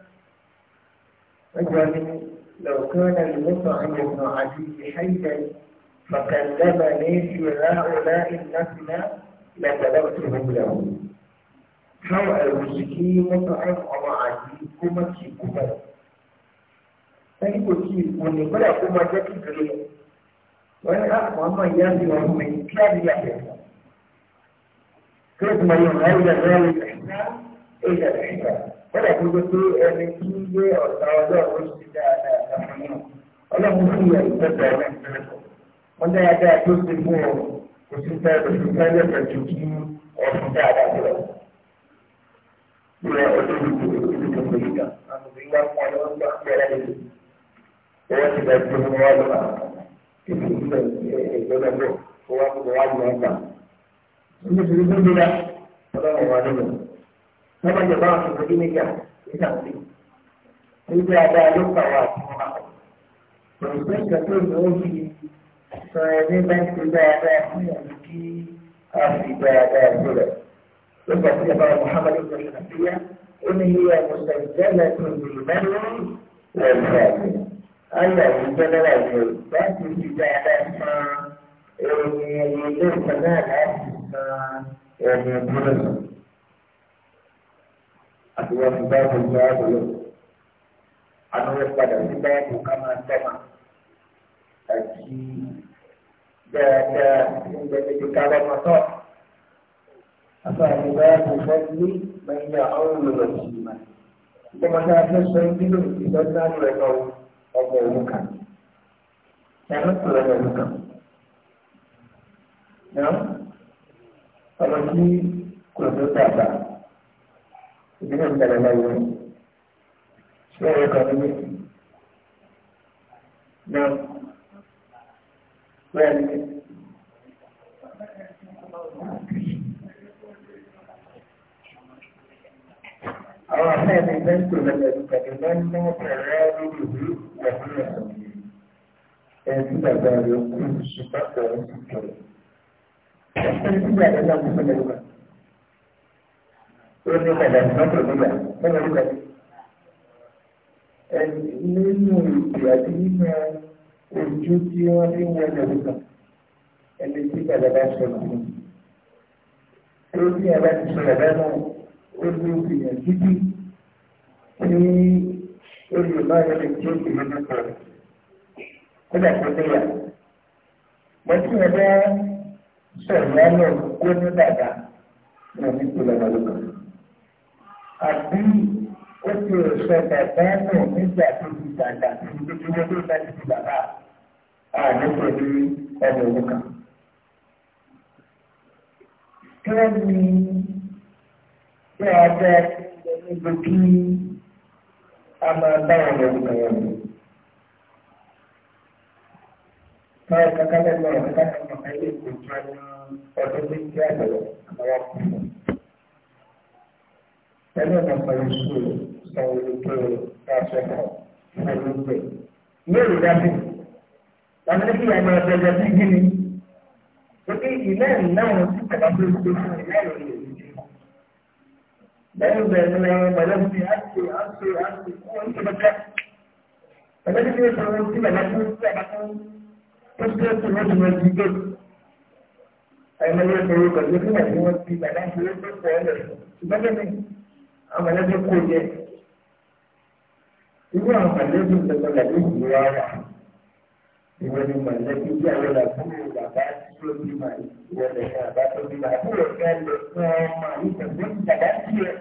أجل لو كان المطعم بن عزيز حيا فكلمني في هؤلاء النسل لبلغتهم له هو المسكين مطعم ابو عزيز كما في كفر أي كوتي ونقول أقوم أجاك الكريم وأنا أقوم أما يأتي وهم كيف ما يغير ذلك الإحسان إلى الإحسان kọ́dà tó gbé pé ẹni tí ń gbé ọ̀sà ọjọ́ ọ̀rọ̀ sí dáadáa lọ́wọ́ náà ọlọ́run fún ìyá ìtọ́jú ọ̀rọ̀ ìtọ́jú wọn dáadáa tó ti mú ọ kò sí fẹ́ oṣù fẹ́lẹ́ pẹ̀lú kí ọ̀sùn dáadáa tó lọ. Ilé ọdún ìlú ìlú tó kò yíká, àwọn òbí wá fún ọlọ́wọ́ gbà bẹ̀rẹ̀ lẹ́yìn. Owó ti bẹ̀ tó wọn wá lọ́wọ́ ìlú ìjọba bọ̀, owó wá lọ́wọ́ gbà. Ilé ìlú tó ń gbé lọ́wọ́ ìjọba àwọn ṣòro bí méjà nígbà tó nígbà dáa ló kà wá àti wọn àwọn. Òṣìṣẹ́ ìjọba ìlú ó fi sọ ẹni bá ń ṣe dáadáa fún ìyàwó kí a fi dáadáa sílẹ̀. Lọ́gbà tí ìjọba Mùhàmmad ìjọba ṣàfihàn ó ní ilé ẹ̀mọ́sẹ̀ ìjẹ́lẹ̀ tó ń lò mẹ́rin wọ̀nyí àti ayé àwọn jẹ́nẹ́rà yìí láti fi dáadáa san ẹ̀yìn ẹ̀yìn ilé ìtàn náà láti san ẹ̀yìn ìbúrẹ́sàn àti wọn fi báyìí fún ìyá ọ̀dọ́ lọ. Ànúwẹ̀ padà sí báyìí fún ká máa tọ́mà. Àti dáadáa ń bẹ níbi ká bá máa tọ́. Àfààní báyìí fún fẹ́ẹ́lí máa ń yà ọ́rùn lọ́wọ́ sí i mà. Ìjọba fẹ́ sọ ibi ló ti rẹ̀ lọ ọmọ òun kan. Ẹ̀rọ kò rẹ̀ lọ́wọ́ kan. Ọmọ tí kò tó dàgbà ìdílé ìgbàlẹ̀ láyé rẹ̀ ṣé ọ̀rọ̀ kan ní méjì náà bẹ́ẹ̀ ni àwọn afẹ́ẹ̀mí bẹ́ńkì lọ́lẹ̀ ìpàdé bá ń náwó pẹ̀lú ẹ̀rọ ìlú ìwàlúwà ẹ̀sìn bàbá rẹ̀ kú ṣùgbọ́n kò ń sùn kẹrẹ̀ ẹ̀sìn bàbá rẹ̀ náà mú fẹ́lẹ̀ ó ní mẹ̀lẹ́ mọ́tò nígbà nínú ìgbà nínú ìpè àti nínú ojú tí wọ́n fi ń wọlé nìkan ẹni tí bàbá bá sọ fún un tó ní ẹ̀rọ ti sọ ẹ̀rọ náà ó ní ìgbìyànjú gidi tí ó lè má yẹ lè tí ó sì lè nípa rẹ̀ ó dà tó níyà mo tí ẹ bá sọ̀rọ̀ náà kó ní dàda ní ọdún lọ́wọ́ lókàn àbí ó ti sọ bàbá náà nígbà tó ti dàgbà tó ti tó tó tó láti fi bàbá àná pẹ̀lú ọmọ òun kan. Kẹ́mi ṣé ọjọ́ níbi kí a máa bá ọmọ òun kan yẹn lò. Báwo kankan lẹ́nu ọ̀rọ̀ kankan lẹ́nu ọ̀rọ̀ ilé ìgbòjọ́ ní ọdún méjì àgbẹ̀lẹ̀ àwọn ọkùnrin ẹlẹ́nà pẹ̀lú sanwó-olùpẹ̀ lásẹ̀kọ̀ sanwó-olùpẹ̀. Lórí dájú, láti kí àwọn ọ̀dọ́jọ́ sí gíní. Lókè ìlẹ́rìí náà ti kàbá tó ń gbé fún ìlẹ́rìí rẹ̀ yìí. Lẹ́yìn bẹ̀rẹ̀ ni àwọn mọ̀lẹ́bí ti á ṣe á ṣe á ṣe kí wọ́n ń ṣe bẹ́tẹ́. Mọ̀lẹ́bí ti sọ wọn sí mọ̀lẹ́bí sí àbátan tó ṣe é tún lọ́dún wọn jíjẹ́. Àyẹ̀mọ́lẹ́ sọ̀rọ̀ pẹ̀lú fún àyẹ̀wò ti mọ̀lẹ́bí lọ́dún pọ̀ ẹ̀ àwọn ẹlẹ́bí kó jẹ irú àwọn mọ̀lẹ́bí ìjọba làbí ìlú wa wà ìwọ ni mọ̀lẹ́bí bí àwọn làbúrò bàbá tó bí mà ìwọ lẹ́yìn àbá tó bí mà àbúrò fẹ́ lọ fún ọmọ ìtẹ̀gbọ́n ìjàdá sí ẹ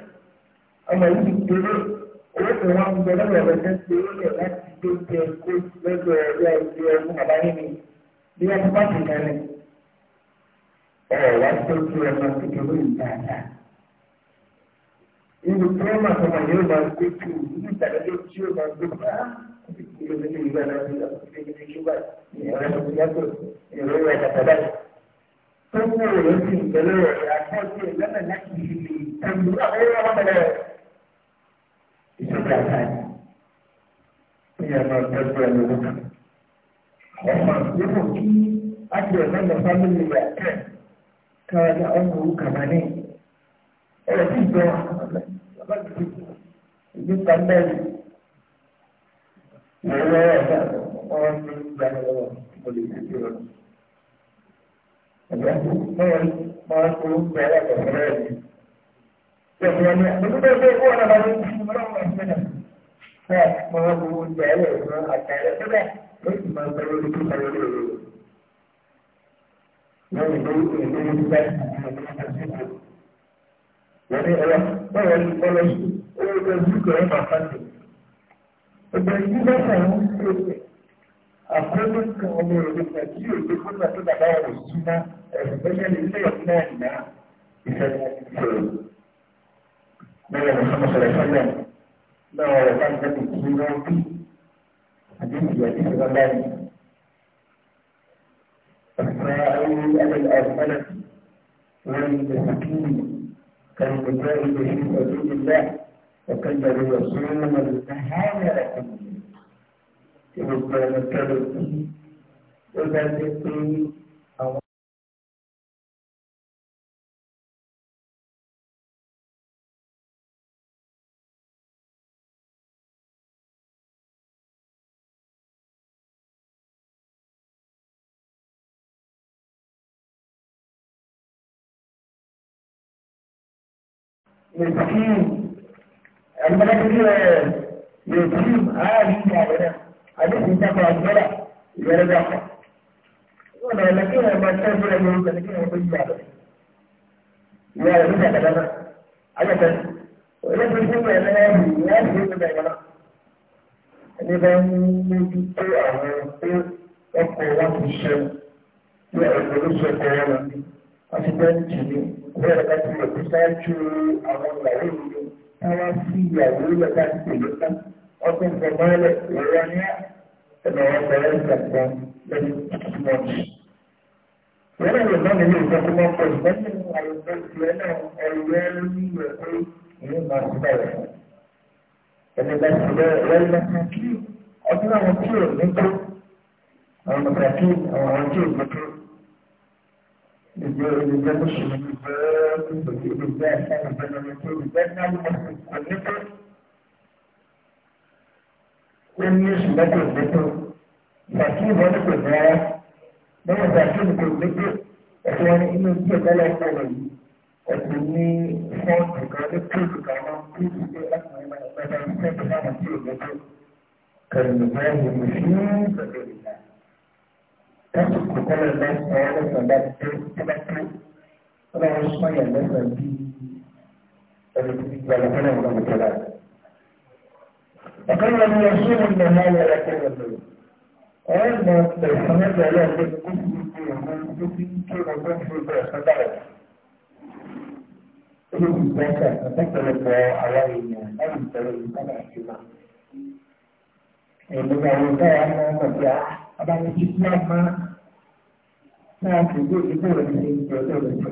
ọmọ yìí kéré owó tó wọn gbẹ lọ́wọ́ rẹ̀ ṣe ń ṣe ó lè láti gbé jẹ kó lọ́dọ̀ ẹ̀rọ ìṣe ọdún bàbá nínú bí wọ́n ti bá ti kalẹ̀ ẹ̀ wá tó tó ẹ̀ máa ti kéwé ìdáadáa inú kílámà tó máa yóò máa gbé tó inú ìdàgbàjọ tí yóò máa gbé bá ìlú nínú ìgbà náà ní ìlú ní ṣúgà ìrọ̀lẹ́ ìlú yàtọ̀ ìrọ̀lẹ́ ìdàgbàjọ. tó ń wọ̀ lọ sí ìgbẹ́lẹ̀ rẹ̀ àtàkùn ìlànà láti fi lè tàbí àwọn ọmọ ọmọ rẹ̀. ìṣèjọba àtàkùn ní àwọn ọ̀dọ́gbọ̀n ẹ̀mí wọn kan. ọmọ yóò kí àti ọ̀dọ́gbọ̀n fámìlì rẹ̀ kẹ́ ẹ̀rẹ̀ sì jẹ́ ìlú kan bẹ́ẹ̀ ni ìwé lọ́wọ́ ẹ̀dá wọ́n ti ń gba lọ́wọ́ mo lè tètè rẹ̀. Ẹ̀dá tó wọ́n máa ń kóró gba ẹ̀rọ ọ̀rẹ́ rẹ̀. Bẹ́ẹ̀ni ẹni àgbẹ̀dẹ́ bẹ́ẹ̀ kó ọ̀nà máa ń fi ọlọ́run ẹ̀sìn náà. Bẹ́ẹ̀ máa ń kóró gba ẹ̀rọ ọ̀rẹ́ àtàrẹ tó bẹ́ẹ̀ ló sì máa ń bẹ̀rẹ̀ orí tó bẹ̀rẹ̀ orí rẹ̀. Lọ́wọ́ ìgbẹ́ wọ́n ní ọlọ́ báwo ni wọ́n lọ sí owó ẹgbẹ́ ìdúkọ̀ ẹ̀ máa fàtì. ẹgbẹ́ ìdúkọ̀ ẹ̀ ń ṣe àkọọ́lẹ̀ kan ọmọ ìlú kan tí yóò gbé fún àti bàbá rẹ̀ súnmọ́ ẹ̀sìnbẹ́sẹ̀lì ilé ẹ̀kọ́ náà nà ìṣẹ̀lẹ̀ ìṣòro. bẹ́ẹ̀ ni sọ́mọ sọ̀rọ̀ sọ́lẹ̀ náà ọ̀rọ̀ bá ń tẹ́lẹ̀ kí wọ́n bí àdéhùn àti ìṣẹ̀lẹ̀ báyìí. ọ̀sán ayé ẹlẹ́dàá ọ̀sán lẹ́sìn wọ́n ń كالقتال في سبيل الله وكذب يصومون المهانة في مكان الكذب وذلك يتيم الملك يتيم هذه جاهلة هذه تنتفع الجرع يرجعها ولكن ما تنزل يوم لكن هو بالجاهلة يا رجع لنا عجبا ولا تنزل لنا يا رجع لنا ẹni bá ń mójú tó àwọn tó ọkọ̀ wá ti ṣe ní ọ̀pọ̀lọpọ̀ ọkọ̀ wọn lọ ọsibẹ́ntì ni wọ́n yẹ ká ti lè fi ṣáájú àwọn ìyàwó yìí táwa sí ìyàwó yẹ ká ti tèlé ká ọkọ̀ ìfọ̀mọ́lẹ̀ ìrora ní ẹ̀nà ọ̀bẹ̀rẹ̀ ìgbàgbọ́ lẹ́yìn mọ́ọ̀tì. wọ́n yẹ lọ́nà ilé ìjọba máa ń pọ̀ ṣùgbọ́n ní àwọn ìgbésẹ̀ náà ọ̀rẹ́ ní ìwẹ̀ àwọn tí ò ní tó ìgbé olùgbé mùsùlùmí olùgbé olùgbé olùgbé ẹ̀fọ́ olùgbé olùgbé olùgbé ní àwọn onígbà ó ní oṣù mẹ́tò ìgbẹ́tò ìgbàkíyì wọn kò ní ara lẹ́yìn ìgbàkíyì kò gbẹ́tò ẹ̀fọ́ inú ìgbé ìgbẹ́lẹ̀ ẹ̀fọ́ rẹ̀ yìí ẹ̀fọ́ ní fọ́ọ̀tù kan ní kéèkì kan náà kéèkì pé láti ọ̀nà ìgbàlẹ̀ ìgbẹ́tò náà ti ìgbẹ́tò kẹ̀lẹ́ ìgbẹ́lẹ̀ ìgbẹ́tò láti kò tẹ́lẹ̀ lẹ́sẹ̀ lẹ́sẹ̀ láti tẹ́lẹ̀tẹ́lẹ̀ ó bá yẹn sọ yẹn lẹ́sẹ̀ bí ẹni tí gbàgbọ́ tẹ́lẹ̀ ń gbàgbọ́ tẹ́lẹ̀. ọ̀kan yẹn ni ẹṣin ní ìgbà náà yẹra tẹ́lẹ̀ lọ. ọ̀rẹ́ mi ọ̀pẹ̀ ìfọ̀mẹ́jọ lẹ́ẹ̀kẹ́ tó ti di ìwé tó ti ń ké ọgbẹ́ fún ìgbà ẹ̀sán dára. ó lè fi gbẹ́sẹ̀ ọ̀pọ̀lọpọ̀ àwọn èèyàn láì tẹ̀lé ìgbà náà àbàwọn tí kí á máa náà kò gbé ìgbó rẹ̀ ní ìgbọ̀dọ̀ rẹ̀ tó.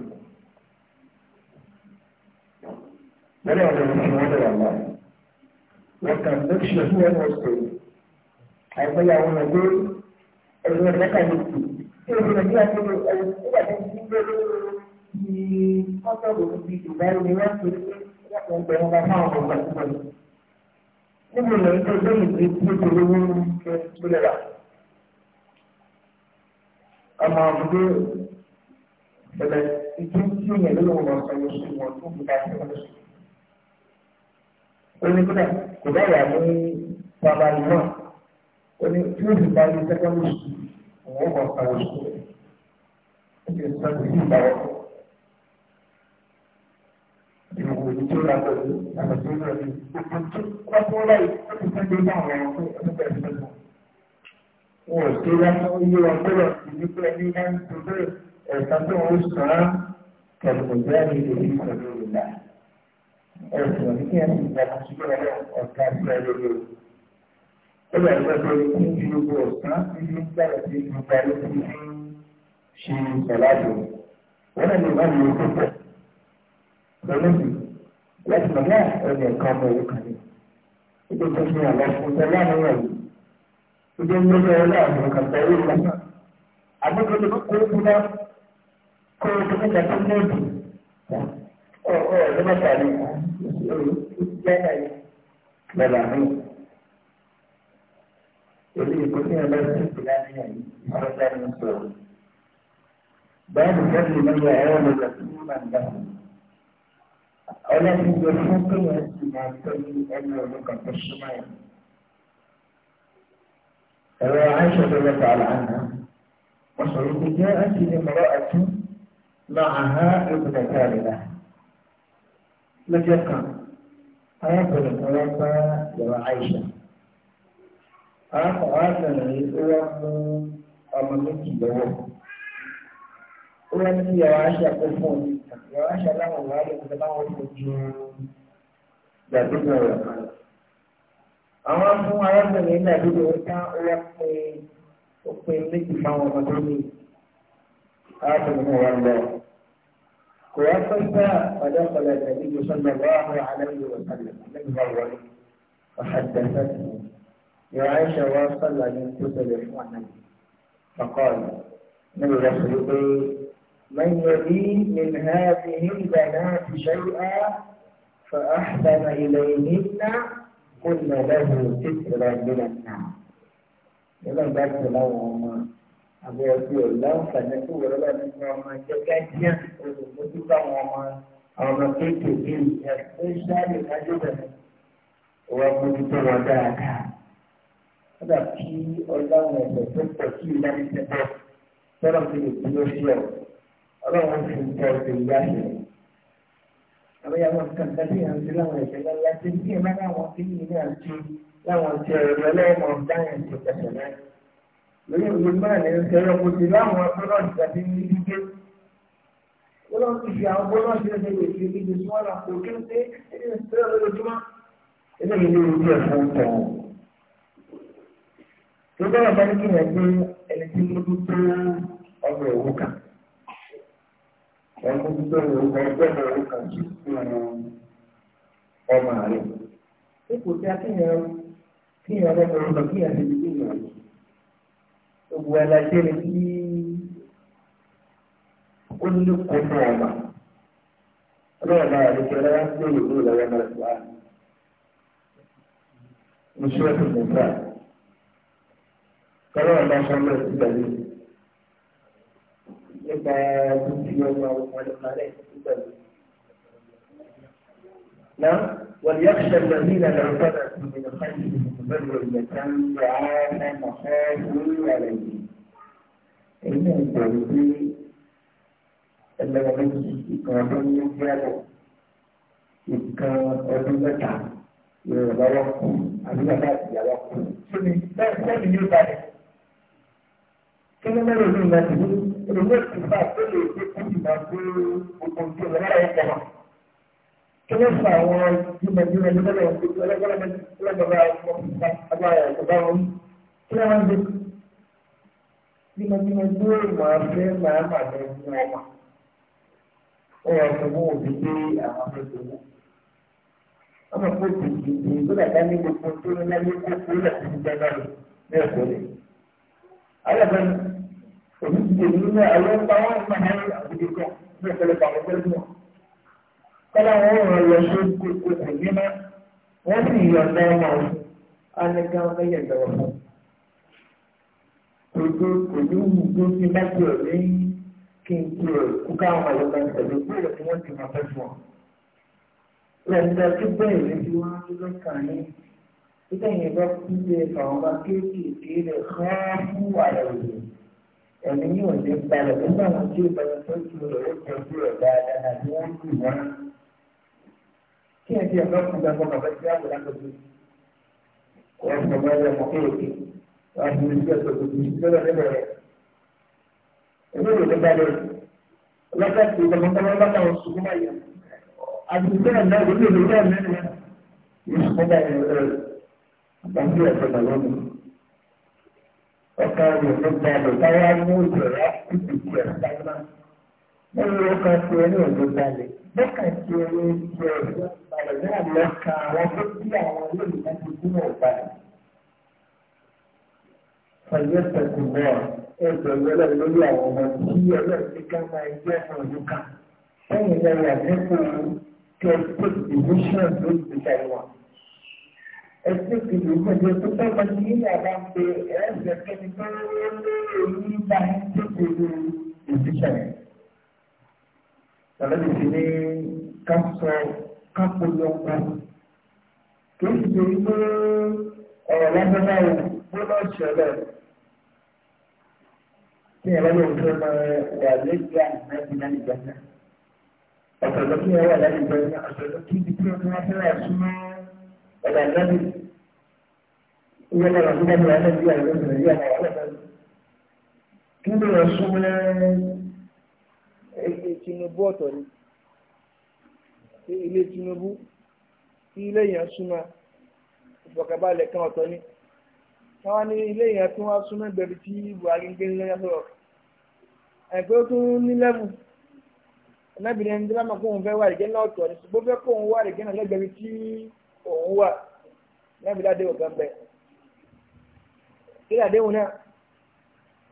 Wọ́n yà lọ́wọ́ fún wọn lọ́wọ́ lọ́wọ́. Wọ́n kà ń ṣe fún ẹ̀wọ̀n ṣe. Àìpẹ́ yà wọ́n gbé ẹ̀rọ ẹ̀lẹ́kà yìí kù. Ṣé o lè ní àtúntò ẹ̀rọ nígbà tí wọ́n gbé ní kọ́tọ̀rù ti ìbáyé ni wọ́n ti yàtọ̀ ń bẹ̀rẹ̀ bá fáwọn ọ̀gbà tó wọlé. Níbo ọmọ ọdúnlé bẹ̀rẹ̀ ìdí tí èèyàn ló lọ́wọ́ sọ yóò ṣe wọn tó fi dáa wọn lọ́sọ̀. ó ní kódà kò bá yà ní bàbá yìí náà ó ní tí ó fi parí sẹ́kọ́ndì sùkúl òun ó kàn parí sùkúl rẹ̀ ó ti sọ sí ìbáwọ̀ fún ìwòye tí ó ra pẹ̀lú àgbàdo rẹ̀ ní gbogbo tó kọ́kọ́ láì ó ti fẹ́ dé bá àwọn ọmọ tó ẹgbẹ́ náà wọn ò ṣe lásán ó yé wa gbọ́dọ̀ sí wípé ẹni náà ń tó bẹ́ẹ̀ ẹ̀sán tó ń sàn án kẹ̀lẹ́gbẹ́ ní èyí pẹ̀lú ìlà ẹ̀sùn ní kí ẹni ìgbà kan ṣùgbọ́n ẹ̀rọ ọ̀gá sí ẹ̀rọ lò ó bẹ̀rẹ̀ gbọ́dọ̀ ní kí ní gbogbo ọ̀sán ní ní gbàgbọ́ sí gbogbo ayé tí ní ṣe ìṣẹ̀láàdù wọn lè má lè ó púpọ̀ lọ́lọ́dì láti mọ̀ ní ẹ̀ẹ̀kan ọmọ òun kan ní. ó tó tó fi hàn lọ idan ya ga wani abu ka tsaye masa abin da duka ko kuma ko duka da kan nodi o o zama tare yana yi da lamai yanzu ya kuma yana da su kula da yayi har da nan so babu kalli mai ya yawa da sunan da ọlọ́run yóò fún kéwàá sí máa tọ́jú ẹni ọdún kan tó súnmọ́ yìí ẹ̀rọ aṣọ ìjọba tààlà àná wọ́n sọ̀rọ̀ pé jẹ́ àti ìmọ̀rọ̀ àti máa ha ìbùdó káàdì náà lọ́jọ́ kan arákùnrin kan wá bá ìyàwó àìsàn arákùnrin yìí ó wá mú ọmọ méjì lọ́wọ́ ó wá ní ìyàwó àìsàn kó fún un ìyàwó àìsàn láwọn wàhálà ìjọba wọn fojú gbàdúgbò rẹ̀ kan lọ. àwọn fún arábìnrin náà lórí ọjà ọwọ́ pé ó pé méjì fáwọn ọmọ tó ní arábìnrin wa lọ. kò wá pẹ́ sá ọ̀dọ́ kọlẹ̀ tàbí ìjọsọ́nà lọ́wọ́ àlẹ́yìn ìwọ̀sálẹ̀ lẹ́yìn bá wọlé ọ̀hádà sátìmù. يا عائشة واصل أن ينتصل إخوانا فقال من رسولك من يبي من هذه البنات شيئا فأحسن إليهن قلنا له سترا من النار لمن ذاك له ما àbí ọtí ọ̀la ọ̀fàdé tó wọlé láti fún ọmọ jẹgẹdíà olùkójú bá wọn ọmọ àwọn ọmọ kéékèèké ìjà tó ń sáré lájú bẹ̀rẹ̀ ìwà bójú tó wọn dáadáa kódà kí ọlọ́run ẹ̀sẹ̀ tó pọ̀ sí ìlànà ìṣẹ̀bọ̀ tọ́lọ̀ fi lè dúró sí ọ ọlọ́run fi ń tọ́ ìgbéyàwó àwọn yàrá nǹkan kan tí yàn ń ṣe láwọn ìṣẹ̀lẹ̀ ńlá tí bí ẹ bá láwọn tí yìí náà ṣe láwọn ti ọ̀rọ̀ ọlọ́wọ́ dáhùn ti pẹ̀sẹ̀ náà. lórí òwe náà ní ń sẹ́yọ́ mo ti láwọn ọlọ́run ìgbà tí ń yí dé. wọ́n ti fi àwọn bọ́lá ṣe ṣe lè fi ibi tí wọ́n là kó kí ń dé ẹni ìṣẹ́yọ́ lójoojúmọ́. eléyìí ni ojú ẹ̀fọn tọ̀. tó bá wà bá ní kí ẹni tó ń lo ẹgbẹ́rún orí kan jù fún ọmọ rẹ̀. Ipò tí a kíyàn kíyàn lẹ́nu lọ kíyàn lè fi yàn yìí. Gbogbo ẹlẹ́jẹ́ ni kí ó ní kó fún ọmọ. Ọlọ́run náà lè fi ọlọ́wọ́ sí òyìnbó ìlọ́wọ́ náà sí Mo ṣe é fún mi fún ẹ. Kọ́lọ́run náà sọ mọ́ ẹ̀ sílẹ̀ yìí nípa dúkìá ọmọ ọmọlẹ́kọ̀ọ́lẹ́ pẹ̀lú. Náà wọ́n yá ṣẹlẹ̀ ní ìlànà ìfọ̀dà ìgbìmọ̀ káyọ̀ pẹ̀lú ìgbẹ̀ta ń gbà á mọ̀fẹ́ lórí rẹ̀ yìí. Èyí ń bẹ̀rù pé ẹgbẹ̀rún méjì ìkan ọdún ní ìgbéyàwó ìkan ọdún mẹ́ta Yorùbá wà kú àbí bàbá ìyàwó kú. Sọ́ni bẹ́ẹ̀ sẹ́ni yóò balẹ̀. Kí ló mẹ́rin ló ń bá ti ìlú ìpínlẹ̀ tó lè gbé kúndì máa gbé gbogbo ìdí ọ̀rọ̀ láyé pọ̀ wá. kí ló fa àwọn ìgbìmọ̀ ìgbìmọ̀ ìgbìmọ̀ ìgbìmọ̀ ìgbìmọ̀ ìgbìmọ̀ ìgbìmọ̀ ìgbìmọ̀ ìgbìmọ̀ ìgbìmọ̀ ìgbìmọ̀ ọ̀rọ̀ ìṣòwò òbí ayọ̀bẹ̀ni èyí ti dèbí nínú ẹ̀rọ ń pa wọ́n ń pàdé àbújá kan ní ìpele pàmò pẹ́lú wọn. kọ́lá wọn ò rán lọ sí kókó kò ní má wọ́n sì yọ̀ǹda ọmọ òun anìkan lẹ́yìn ìdọ̀rọ̀ fún. kòtò kòtò wù tó ti bá ti ọ̀ lẹ́yìn kí n ti ọ̀ kó káwọn ọmọ ìlọ́ta ìtẹ̀lé kúrò tí wọ́n ti máa fẹ́ fún ọ. lẹ́ńdà tó bẹ́ẹ̀ lé ti wá lọ́kàn ní ìtẹ̀yìn bá kú lé fàwọn bá kéékèèké rẹ̀ xọ́ fún àyẹ̀wò ẹni yóò ní balẹ̀ nígbà wọn tí ó bẹ̀rẹ̀ tó tu rẹ̀ ó tọ́jú rẹ̀ dáadáa àti wọ́n tù wọ́n. kí ẹ ti ẹ̀ bá kúta fún bàbá tí wọ́n bẹ̀rẹ̀ tó tu. wọ́n sọ wọ́n yẹ mọ́ kéèké wọ́n fi ìṣe ẹ̀sọ́ tó tu lọ́dọ̀ níbẹ̀ rẹ̀. ẹgbẹ́ yóò ní balẹ̀ lọ́kà tí ìdàgbàsọ́lá lọ́kà wọn sùn náà yẹ. àdìsẹ́ ẹ̀ náà wọ́n lè lè ọkọ rẹ̀ ló balẹ̀ táwa mú ìjọra títí tí ẹ̀ sáyẹ́mà. Wọ́n ní ọkọ tí ẹ ní òdo balẹ̀. Bọ́kà tí ẹ ní ti ẹ̀ balẹ̀ náà lọ ka àwọn tó bí àwọn olóyìn láti kú mọ̀ balẹ̀. Fàyẹ́ pẹ̀kú bọ̀ ẹgbẹ̀ ìwẹ́lẹ̀ lórí àwọn ọmọ tí ẹlẹ́rìí ká máa jẹ́ ẹ̀sán ọdún kan. Sẹ́yìn lẹ́yìn àdínkù kẹ́ẹ̀tẹ́ẹ̀tì ẹsẹ̀ kejì fún ẹ̀jẹ̀ tó fẹ́ lọ sí ilé àbáńpẹ ẹ̀ẹ́sẹ̀ kẹ́ni tó ń lé ní bá ń tẹ̀lé ìdíṣẹ̀ rẹ̀. Tọ́lẹ́bí ti ní ká sọ ká polú ọkọ. Kìí sì ṣe wípé ọ̀rọ̀ lọ́dọ́ náà wò ló lọ́ ṣẹlẹ̀. Kí ẹ̀rọ yóò fẹ́ mọ wà lẹ́gbẹ̀ẹ́ àti náà ìgbà náà. Ọ̀sẹ̀ lọ́kí ẹ̀rọ wà lẹ́gbẹ̀ẹ́ àti ọ̀sẹ̀ lọ́kí ibi tí wọ́n ti wá fẹ́rẹ̀ súnmọ́ ẹ̀dá ìnáwó ìwé náà lọ́dún mẹ́rin ẹ̀dá ìdí àyẹ̀wò ìrìn ìyá náà wọ́n lọ́dún. kí ló lọ sún mọ́ ilé Tinubu ọ̀tọ̀ ni eh, ilé Tinubu tí ilé yẹn súnmọ́ ìfọ̀kànbalẹ̀ kan ọ̀tọ̀ ni wọ́n ní ilé yẹn tí wọ́n súnmọ́ ìgbẹ̀bí tí Buhari ń gbé lọ́yà sọ̀rọ̀ ẹ̀pẹ́ ó tún ní lẹ́mù ẹ̀nàbìnrin ẹni tí wọ́n máa kó òun fẹ́ wà ìgẹ́ náà ọ̀tọ̀ ni ṣùgbọ́n fẹ́ kó òun wà ìgẹ́ náà lẹ́gbẹ̀ẹ́ tí òun wà nábì ládéhùn kan bẹ kí ládéhùn náà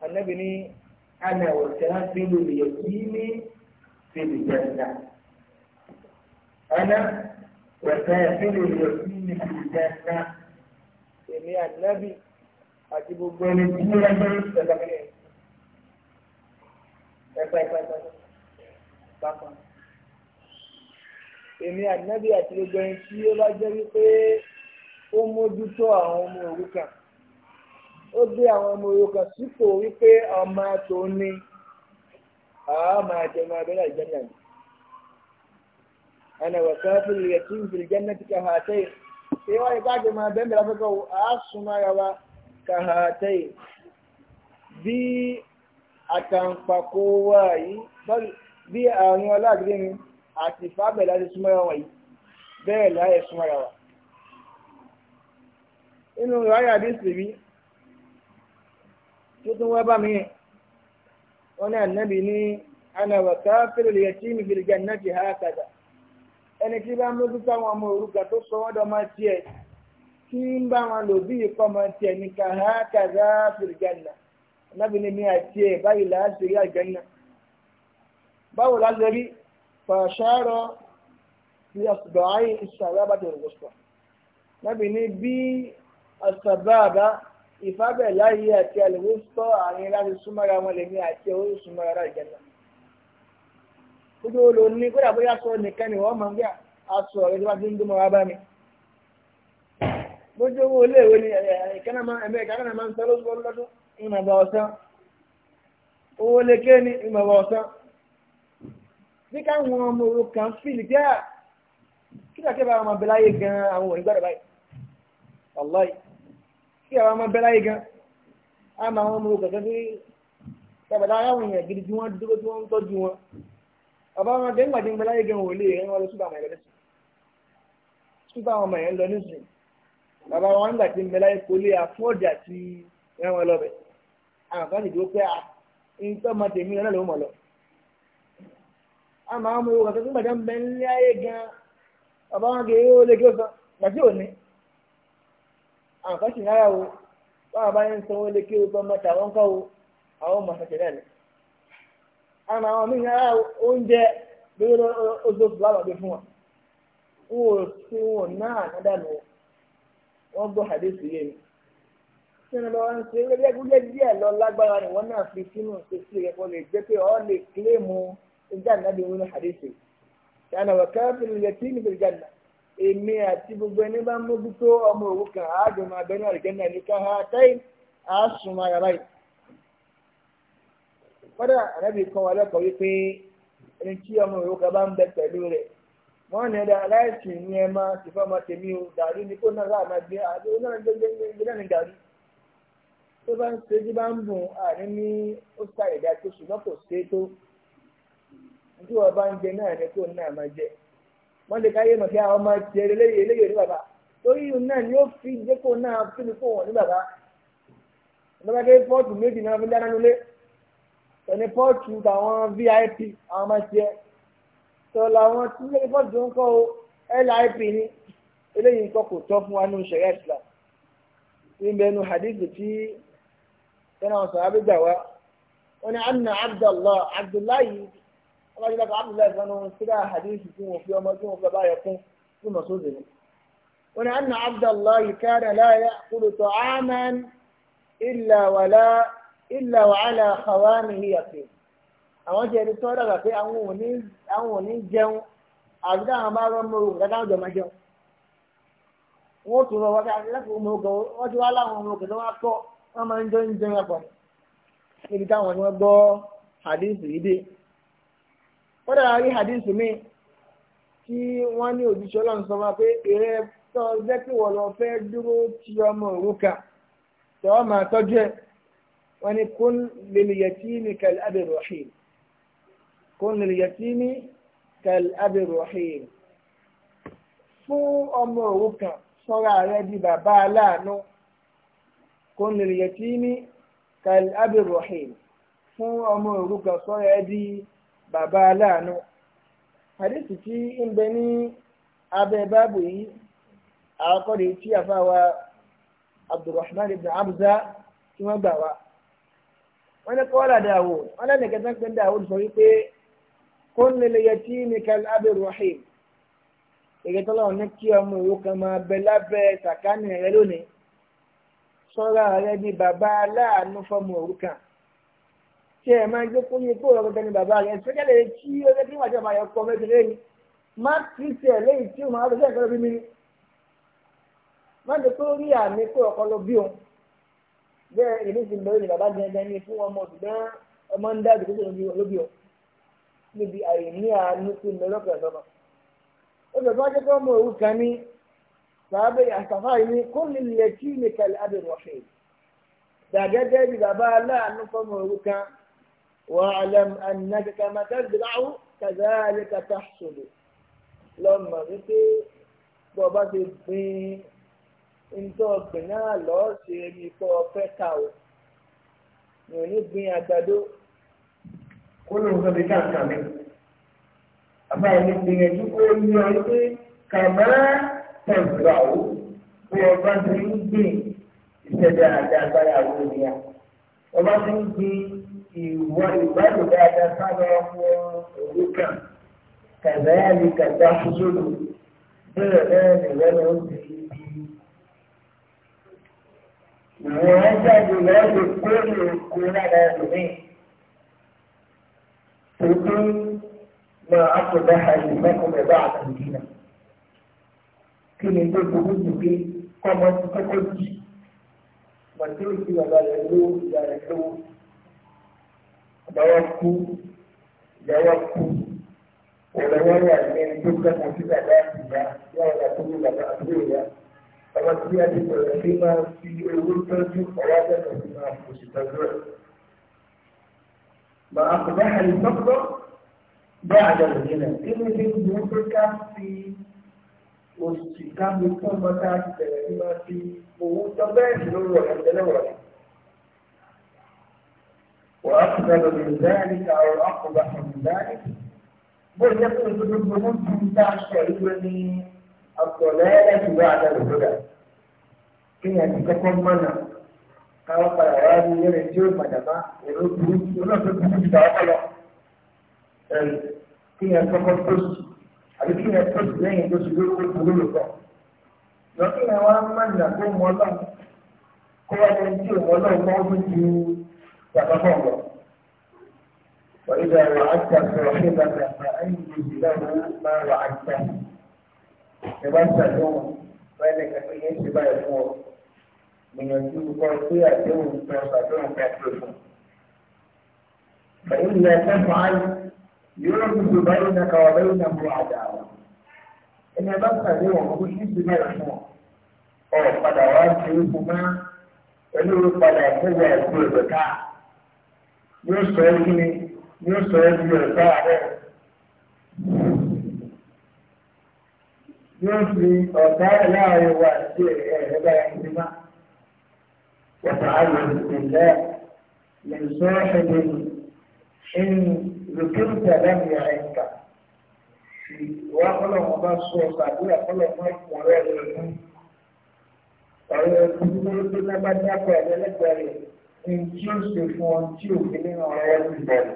ànábì ní àná òṣèlú tí ó lè yí ní fèlè jẹta àná òṣèlú tí ó lè yí ní fèlè jẹta èmi ànábì àti gbogbo ẹni tí ó lè yí ní fèlè jẹta èmi ànábì àti gbogbo ẹni tí ó bá jẹ́ wípé ó mójútó àwọn ọmọ òrukàn ó gbé àwọn ọmọ òrukàn sípò wípé ọmọ tòun ni àá máa jẹ ọmọ abẹ́rẹ́ àjẹmíà ni. ana wa kafin yatim fil jannati ka hatai sai wani kaje ma bẹ́ẹ̀ bẹ́ẹ̀ fẹ́kọ̀ àá súnmọ́ ara wa ka hatai bí àtàǹpàkò wà yìí bí àwọn ọlá mi àti ìfàbẹ̀ láti súnmọ́ra wọ̀nyí bẹ́ẹ̀ láyẹ̀ súnmọ́ra wà. inú ráyà bí sèrí tó tún wá bá mi yẹn wọn ní ànábì ní anáwó káfíìrì lè tí mi fìlì jẹ́ náà ti há kàdà ẹni tí bá mójútó àwọn ọmọ òrùka tó sọ wọ́n dọ́mọ tiẹ̀ kí ń bá wọn lò bí ìkọ́mọ tiẹ̀ ní ká há kàdà fìlì jẹ́ ànábì ní mi àti ẹ̀ báyìí làá rí àjẹ́ báwo la rí fàṣàrọ̀ bí asùgbàáyé ìṣàlábà tó rọ̀gbọ̀sọ̀ lábì ní bí asàbàbà ìfábẹ̀láyé àti àlùwọ́sọ̀ àárín láti súnmọ́ra wọn lèmi àti owó súnmọ́ra rà ìjẹ́nà kójú ó lò ní kódà bóyá sọ nìkan ni wọ́n máa ń gbé aṣọ rẹ̀ tí wọ́n ti ń dúnmọ́ wá bá mi bójú owó iléèwé ni ìkànnà ẹ̀mẹ́ máa ń sọ lọ́dún ìmọ̀ ọ̀sán owó lékè ni ìmọ̀ ọ̀sán ní káwọn ọmọ òrukàn fìlì jẹ́ à ah, kí ló kébà ọmọ abẹ́láyé gan àwọn òní gbọ́dọ̀ báyìí ọlọ́yì kí àwọn ọmọ abẹ́láyé gan á máa wọn ọmọ òrukàn kẹ́kẹ́ tàbàdà aráwọ̀ èèyàn gidi tí wọ́n dúró tí wọ́n ń tọ́jú wọn ọba wọn jẹ́ ńgbàdé ńgbàláyé gan wò lè rẹ́ wọn lọ súpà àwọn ẹ̀rọ súpà àwọn ọmọ yẹn lọ nísìnyí bàbá wọn ńgbà tí ńgbàláyé kò lè àfọ́ọ̀dì àti rẹ́ wọn àwọn kan sì dúró à ń ah, tọ́ ọmọ tèmi náà ló lọ àmọ́ àwọn ọmọ yorùbá tó gbàdá ń bẹ ní ayé gan bàbá wọn kìí ó lè kí ó sọ gbàtí ò ní àǹkan sì rárá o báwa bá ń sanwó lè kí ó sọ mẹ́ta wọn kọ́ o àwọn ọmọ ṣẹ̀ṣẹ̀ náà ni àmọ́ àwọn míì rárá oúnjẹ lórí oṣooṣù láwọn ọdún fún wọn wọn ò sí wọn náà nádàlú wọn gbọ́ àdéhùn yé mi sínú lọ́wọ́ ń ṣe gbẹ́gbẹ́ díẹ̀ lọ lágbára ni wọ́n náà fi sínú ṣe sí ẹ̀kọ́ lè jẹ́ pé ọ lè kílèmù. ìjànà bí wọn àdéṣe a wàká fìlìlẹ tí níbi ìjànà èmi àti gbogbo ẹni bá mójútó ọmọ òwú kan àádọ máa bẹ náà àlùjànnà ní káhá táì àásùnmọ ara báyìí. kódà ànábì kan wà lẹ́kọ̀ọ́ aláìsí ní ẹ máa ti fọ́ ọmọ tèmi o dàrú ni kó náà gbé àti gbé náà ní dàrú tó bá ń ṣe bá ń bùn àní tí wọn bá ń jẹ náà ni kó náà máa jẹ wọn lè káyé mọ̀ kí àwọn máa jẹ eléyìí eléyìí ní bàbá torí ìhun náà ni ó fi jẹ́ kó náà fílí fún wọn ní bàbá bàbá ké pọ́ọ̀tù méjì náà fi dáná nulẹ̀ ẹni pọ́ọ̀tù tàwọn VIP àwọn máa jẹ sọ làwọn tí wọ́n ké pọ́ọ̀tù ń kọ́ o LIP ni eléyìí nǹkan kò tọ́ fún wa nínú sẹ̀rẹ́ Islam ní bẹnu hadith tí sẹ́nà ọ̀sán abẹ́gbà wa wọn ni Abdullah Abdullahi ọlọ́jọ́ lọ́kọ̀ abdullahi sanu síra hadithi tí wọ́n fi ọmọ tí wọ́n fi bá yẹ fún fún masóde ni. wọ́n ní anna abdullahi kana la ya'kulu ta'aman illa wala illa wa ala khawamihi yaqin. àwọn jẹ́ ẹni tó dàgbà pé àwọn ò ní jẹun àti táwọn bá rọ mọ́rù kàtà ọjọ́ máa jẹun. wọ́n tún lọ wákà láti ọmọ ogun wọ́n ti wá láwọn ọmọ ogun tó wá kọ́ wọ́n máa ń jẹun jẹun àpọ̀ níbi táwọn ni wọ́n gbọ́ hadithi yìí dé wọ́n dára rí hadith mi tí wọ́n ní òjíṣẹ́ ọlọ́run sọ wá pé èrè tó jẹ́ pé wọ́n lọ fẹ́ dúró ti ọmọ òrùka tó wọ́n máa tọ́jú ẹ̀ wọ́n ní kún lil yatimi kal abi rahim kún lil yatimi kal abi fún ọmọ òrùka sọ́ra rẹ di bàbá aláàánú kún lil yatimi kal abi fún ọmọ òrùka sọ́ra rẹ di bàbá aláàánú bàbá aláàánú hadith tí ń bẹ ní abẹ́ báàbù yìí àkọ́dé tí àfáwa abdulrahman ibn hamza tí wọ́n gbà wá wọ́n ní kọ́lá Dawud wọ́n lẹ́nu kẹta pé Dawud sọ wípé kun lil yatimi kal abi rahim ìgbẹ́tọ́lá ọ̀nà kí ọmọ òwò kan máa bẹ lábẹ́ sàkánì rẹ lónìí sọ́ra rẹ ní bàbá aláàánú fọ́mọ òrukàn tí ẹ máa gbé fún yín kó ọ̀rọ̀ gbẹ̀gbẹ̀ ni bàbá rẹ̀ especially tí ó lé kí wọ́n àti àbàyẹ̀ kọ́ mẹ́tẹ̀lẹ́ yìí má tí tí ẹ̀ léyìí tí ó máa rẹ̀ sẹ́kọ̀ọ́ bí mi ni má ti kó rí àmì kó ọkọ lọ bí òun bẹ́ẹ̀ èmi ti bẹ̀rẹ̀ ní bàbá gẹ́gẹ́ ní fún ọmọ ṣùgbọ́n ọmọ ń dáàbò kókò lóbi òun níbi àìní àánú tí mi lọ́kọ̀ ẹ̀ lọ́kọ̀ ó lè fọ́n jẹ́kọ́ ọmọ òwú kan ní bàbá àtàfà ní kó lè lè kí ní kàlẹ́ àbẹ̀rẹ̀ ọ̀fẹ́ dàgẹ́gẹ́ bí bàbá aláàánú fọ́mọ òwú kan واعلم أنك كما تزرع كذلك تحصل لما رتي bọba ti gbin ntọ́ ọ̀gbìn náà lọ́ọ́ ṣe ní ikọ́ ọ̀fẹ́ ká o mi ò ní gbin àgbàdo. kó ló ń sọ mi káàkiri mi àbá mi gbìyànjú kó yí ọ pé kàmá tẹ̀gbà o bí ọba ti ń gbìn ìṣẹ̀dá àti agbára àwọn ènìyàn ọba ti ń gbìn. ìwọ ìgbàlù dáadáa sábà ọmọ òru kan kàdáyàlì kàdá fúlùlù bẹ́ẹ̀ bẹ́ẹ̀ nìwọ ló ń bì í bí. ìwọ jáde lọ́ọ̀dù kórè kó lára ẹlòmí. Tòkí máa àkùdá àyè mẹ́kùnrin bá àkùdínà. Kí ni tó burú jù pé kọ́mọ ti kọ́kọ́ jì? Màtí ó ti wà balẹ̀ lówó ìyá rẹ̀ lówó. lọ́wọ́ kú lọ́wọ́ kú òlọ́wọ́ wà ní tó kẹ́kọ̀ọ́ sí bàbá ìyá yóò wà tó ní bàbá àbúrò ìyá ọmọ tí a ti bẹ̀rẹ̀ sí máa fi owó tọ́jú ọ̀rọ̀ bẹ̀rẹ̀ sí máa fò sí tọ́jú rẹ̀. màá kò bá àyè tọ́kọ́ bá àjọ òní rẹ̀ kí ni bí mo ń pé ká fi oṣù ká mi fún ọmọ bẹ̀rẹ̀ sí máa fi owó tọ́ bẹ́ẹ̀ lórí ọ̀rọ̀ ìtẹ́lẹ̀ wọ̀rọ̀ وأقبل من ذلك أو أقبح من ذلك بل يقصد بالظنون تعشعرني الضلالة بعد الهدى كي يتكون منا káwọn padà wá ní ilé tí ó padà bá èrò burúkú olóòtú burúkú ti dáwọ́ lọ. ẹ̀rì kí yẹn kọ́kọ́ tóṣù àbí kí yẹn tóṣù lẹ́yìn tóṣù ló kó burú lòtọ́. lọ kí wá má nà kó mọ́ lọ́wọ́ kó wá lẹ́yìn tí ò mọ́ lọ́wọ́ mọ́ ó tún ju تتفرغ وإذا وعدت صاحبك فأنجز له ما وعدته تبصر يوم ذلك في يجب يمر من يجيب فيها دون تستطيع تكلفه فإن لا تفعل يربط بينك وبينه عداوة إن بصر يوم مش يجب يمر أو قد وعدت يوم ما قد أتوى كل yóò sọ ẹ́ kí ni yóò sọ ẹ́ di ọ̀gá rẹ̀ yóò fi ọ̀gá rẹ̀ láàrin wa sí ẹ̀rẹ́ bá yẹn ti má wọ́tà ayọ̀ ìpínlẹ̀ lè sọ ẹ́ ní ẹni lókèrúkà láti ẹ̀ ń kà ìwà kọlọ̀wọ̀n bá sọ tàbí àkọlọ̀wọ̀n ọ̀rẹ́ rẹ̀ mú ọ̀rẹ́ rẹ̀ tó ń gbé lágbájá pẹ̀lú ẹlẹ́gbẹ̀ẹ́ rẹ̀ tí ó ṣe fún ọ tí òfin nínú rẹ ti bẹ̀rẹ̀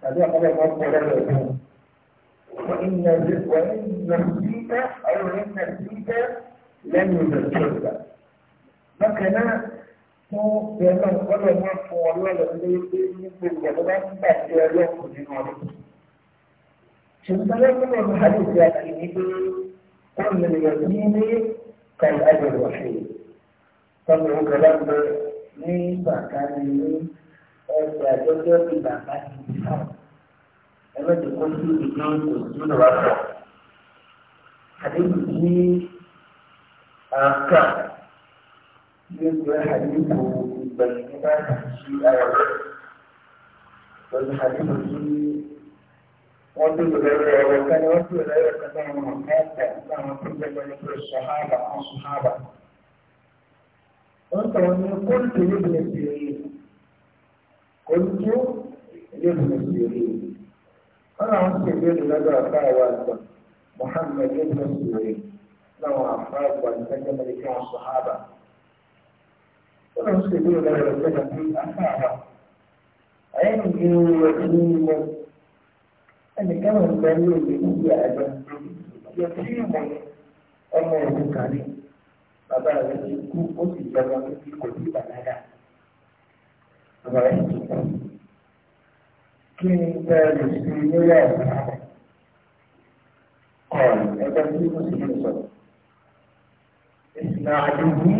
tàbí àkọ́bẹ̀ kan pọ̀ lọ́dọ̀ fún un. وإن نسيت أو إن نسيت لن يذكرك لكن fún bẹ́ẹ̀ náà gbọ́dọ̀ máa fún ọ lọ́lọ́ lé pé nígbà ìyàwó bá ń gbà sí ọlọ́kùn nínú ọdún. ṣùgbọ́n lọ́gbọ́dọ̀ máa lè fi àti ní pé wọ́n lè ilé kan lájọ ìwọ̀sẹ̀ ní bàkàlì ní ẹgbẹ́ àjọjọ́ bí bàbá ti di náà ẹgbẹ́ tó kọ́ sí ìdí òṣù lọ́wọ́ pọ̀ àdéhùn ní àǹkà ní ẹgbẹ́ àdéhùn ìgbẹ̀yìn nígbà tí ara rẹ̀ pẹ̀lú àdéhùn ní wọ́n tó lọ́wọ́ ẹ̀rọ kan ni wọ́n tó lọ́wọ́ ẹ̀rọ kan náà wọ́n mọ̀ káàkiri àwọn tó lọ́wọ́ ẹ̀rọ sọ̀hábà àwọn sọ̀hábà. أنتم قلت لابن السيرين قلت لابن السيرين أنا عن سيرين لدى أخاوة محمد بن السيرين لو أخاوة وانتجم لكي الصحابة وأنا سيرين لدى أخاوة أخاوة عندي وكيل أنا كمان بني اللي هي أبنتي يتيم أمر كريم bàbá rẹ̀ ti kú ó sì jọba títí kò sí bàbá bàbá rẹ̀ ti kú. kí ni bẹ́ẹ̀ lè fi nílẹ̀ ọ̀sán rẹ̀ kọ̀ ẹgbẹ́ tí mo sì lè sọ̀rọ̀. ìsìnà àdúgbò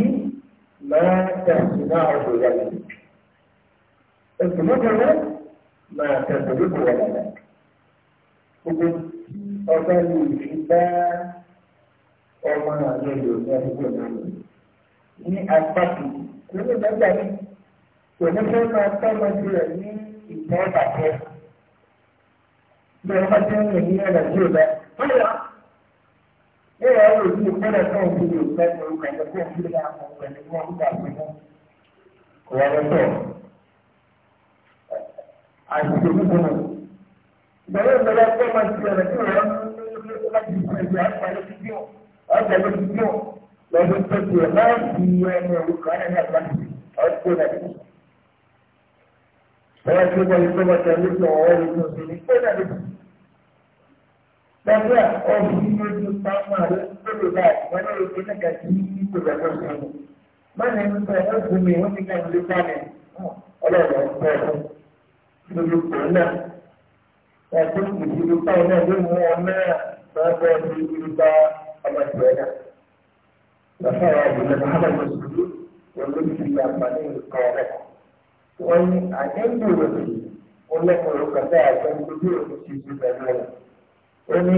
máa tẹ̀sí náà ọ̀dọ̀ yà lẹ́yìn. ètò mọ́tò rẹ̀ máa tẹ̀sí lóko wà lẹ́yìn. gbogbo ọgbẹ́ mi ò fi bá. ẹ̀wọ̀n náà ló lò ní ẹ̀dúgbò náà lò. ní àgbàkì lórí ìgbàgbà mi kò ní fẹ́ máa tọ́mọ sí rẹ̀ ní ìtẹ́ bàtẹ́. bí ọmọ tí ń rìn ní ẹ̀rọ tí ò bá fúnra ẹ̀rọ ẹ̀rọ tí ò fẹ́rẹ̀ fún òun tí ò fẹ́ ní orúkọ ẹ̀jẹ̀ fún òun tí ó pẹ̀lú wọn nígbà tó kọ̀ wọ́n lọ́tọ̀. àìsèkú fún mi. ìgbàlódé ìgbàlódé ọmọ tí ó rẹ̀ tí ò rẹ̀ ń ọjà ló ti mú lọ́dún tó ti ẹ̀ máa fi ẹni ẹ̀rù kan ẹ̀rù àgbàdo ọjọ́ rẹ̀. Bẹ́ẹ̀ tí wọ́n yóò tọ́wọ́ tẹ lójú ọ̀wọ́ lójú òsè ní pé náà lójú. Lọ́dún ọ̀hún ní ojú pàmò àlọ́ tó lè bá àtìwọ́n náà lójú náà kàtí kò lọ́dọ̀ sọ̀rọ̀. Mọ́nà ń bẹ ọ̀gbìn mi wọ́n ti kàn lé báyìí ọlọ́run ọ̀pọ̀ ọ̀hún lójú kò náà. Ẹ̀sìn ìdílé báyìí náà ló mú ọ náà lọ́dọ̀ ìdílé báyìí ọmọ ìgbà ẹ̀dá. Bàbá wa ìgbìmọ̀ Muhammad Mùsùlùmí wọ́n ló fi àǹfààní nǹkan rẹ̀. Wọ́n ní àdéhùn òbí olókòrò kàtà àgbẹ̀gbẹ̀gbẹ̀ òbí ti ti bẹ̀rẹ̀ rẹ̀. Ó ní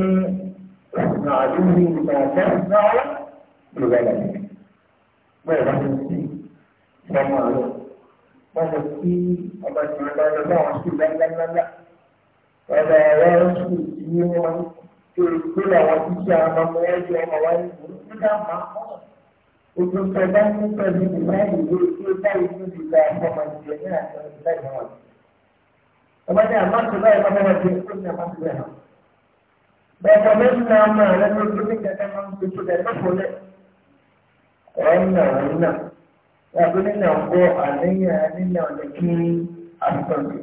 màálùú ìgbà náà ìwé rẹ̀. Bẹ́ẹ̀ bá ti sí ọmọ rẹ̀. Wọ́n lọ sí ọba ìgbìmọ̀ lọ́wọ́ sí lẹ́lẹ́lẹ́lẹ́. Ọba ẹ̀rọ sùn tí wọ́n ṣe ìpínlẹ̀ àwọn iṣẹ́ ọmọ ẹ̀jẹ̀ ọmọ wa ní ìlú nígbà máa kọ́. Ojú pẹ̀lú ní pẹ̀lú ìwádìí ìwé tí ó báyìí ní ìgbà ọmọ ìjẹ ní àjọ ìgbà ìwọ̀n. Ọmọdé àmọ́tò báyìí ọmọ wọn ti kú ní àmọ́tò rẹ̀ hàn. Bẹ́ẹ̀ ni ọmọ náà máa rẹ ní ojú nígbàdá máa ń tuntun rẹ̀ lọ́kùnrin. Ọ̀rọ̀ náà ọ̀rọ̀ náà. Yàtọ̀ nínú ọ̀gbọ́ àníyàn nínú ọ̀nà kí àtọ̀gbìn.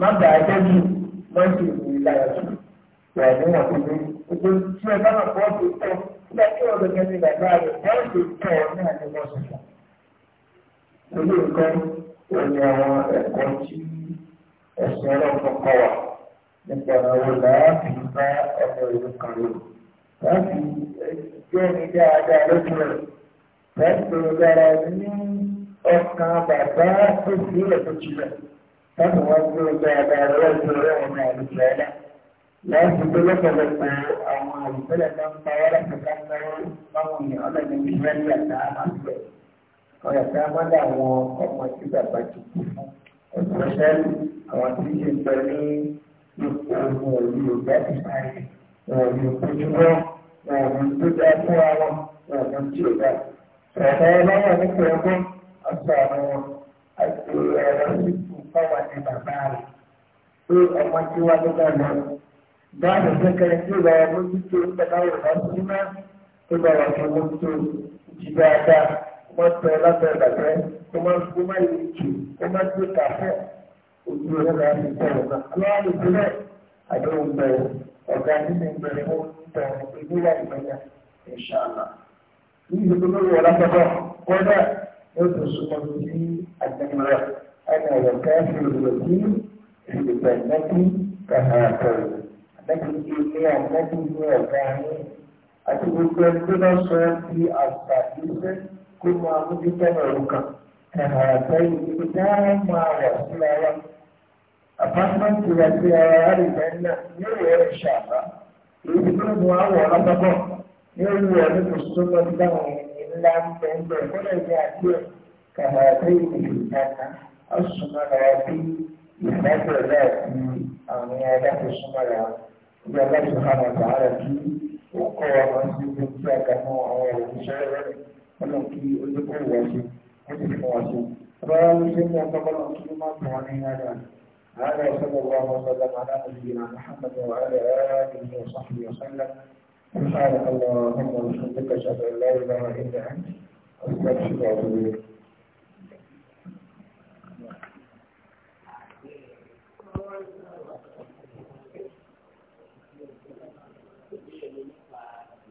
Má bàa jẹ́ jù lọ́sùn ìlànà tuntun ìrànlọ́wọ́ tó lé gbogbo tí ẹ bá bọ̀ ọ́ tó tọ́ nígbà tí ọ̀rọ̀ yẹn ní bàbá rẹ̀ bọ́ọ̀ tó tọ̀ náà ni wọ́n sọ̀tọ̀. Olú nǹkan òní àwọn ẹ̀kọ́ tí ẹ̀sìn ọlọ́run kọ́ wa nípa àwọn làákì bá ọmọ ìlú kan lò. Láti jẹ́ ní dáadáa lójú rẹ̀, láti lè dára ní ọkàn bàbá tó sílẹ̀ tó jùlọ. Láti wá gbé dáadáa lọ́jọ́ rẹ̀ wọn ní àlùfẹ́ náà lẹ́yìn tó tó lọ́pọ̀lọpọ̀ àwọn àlùfẹ́lẹ̀ tó ń pa wọ́lẹ̀ kankan lọ́wọ́ báwọn èèyàn ọlọ́dẹ ní ìrẹ́lẹ̀ àtà àmàlùfẹ́ ọ̀rẹ́ tá a máa dá àwọn ọmọ tí bàbá ti kú fún ọ̀sẹ̀ àwọn tí yìí sọ ní ipò ohun òní òjá ti parí òní òkójúmọ́ òní tó dá fún àwọn òní tí ò dá ọ̀rẹ́ ọlọ́wọ́ nípa ẹgbẹ́ ọ̀sẹ̀ àwọn àti ẹ̀rọ sí fún fáwọn ní bàbá rẹ̀ pé ọmọ tí wá ló dá lọ́wọ́ báyìí kankan tí ó bá wà mójútó nígbà táwọn ìwà sí mọ́ tó bá wà fún mójútó jì dáadáa kó má tẹ lábẹ́ ìdàgbẹ́ kó má kó má yẹ jù kó má gbé kàfẹ́ ojú rẹ̀ náà ti tẹ̀ ọ̀gá aláwọ̀ lè dúró àdéhùn bẹ̀rẹ̀ ọ̀gá nínú ìbẹ̀rẹ̀ fún ìtọ̀rọ̀ ìdílé ìlú lórí ọ̀làpọ̀tọ̀ kọ́dà tó súnmọ́ sí àgbẹ̀mọ̀rẹ̀ ẹni ọ̀rọ̀ káfíìn ìrọ̀lẹ́ lẹ́yìn tí ilé ọ̀gbẹ́ni ní ọ̀gá yín àti gbogbo ẹni tó bá sọ bí àṣà ìṣe kó máa mójútó ọ̀rọ̀ kan ẹ̀hà àtẹ́yìn ibi tí wọ́n máa wà síra wa. àpátímẹ́ǹtì rẹ̀ sí ara àrìfẹ́ náà ní ìwé ìṣàbá èyí tí wọ́n mú àwọ̀ lápapọ̀ ní ìlú ọ̀dún tó súnmọ́ dáhùn ńlá ń bẹ̀ ń bẹ̀ kọ́lẹ̀ ní àdúrà kàmá àtẹ́yìn ìlú ìdáná á súnmọ́ ra bí ìfẹ́ bẹ̀rẹ̀ láti àwọn ẹ̀dá tó súnmọ́ ra wọn. ìgbà láti sọ̀hánà sàárà kí ọkọ̀ wa máa ń ṣe tí a kà fún àwọn òṣìṣẹ́ rẹ̀ ọ̀nà kí oníkóòwò wá sí wọ́n sì fún wa sí. Ọ̀rọ̀ ṣe ní ọ̀tọ́kọ́lọ́ kí ó máa tàn wọ́n ní ìrìnàjò هذا صلى الله وسلم على نبينا محمد وعلى آله وصحبه وسلم سبحانك اللهم وبحمدك أشهد أن لا إله إلا أنت أستغفرك وأتوب إليك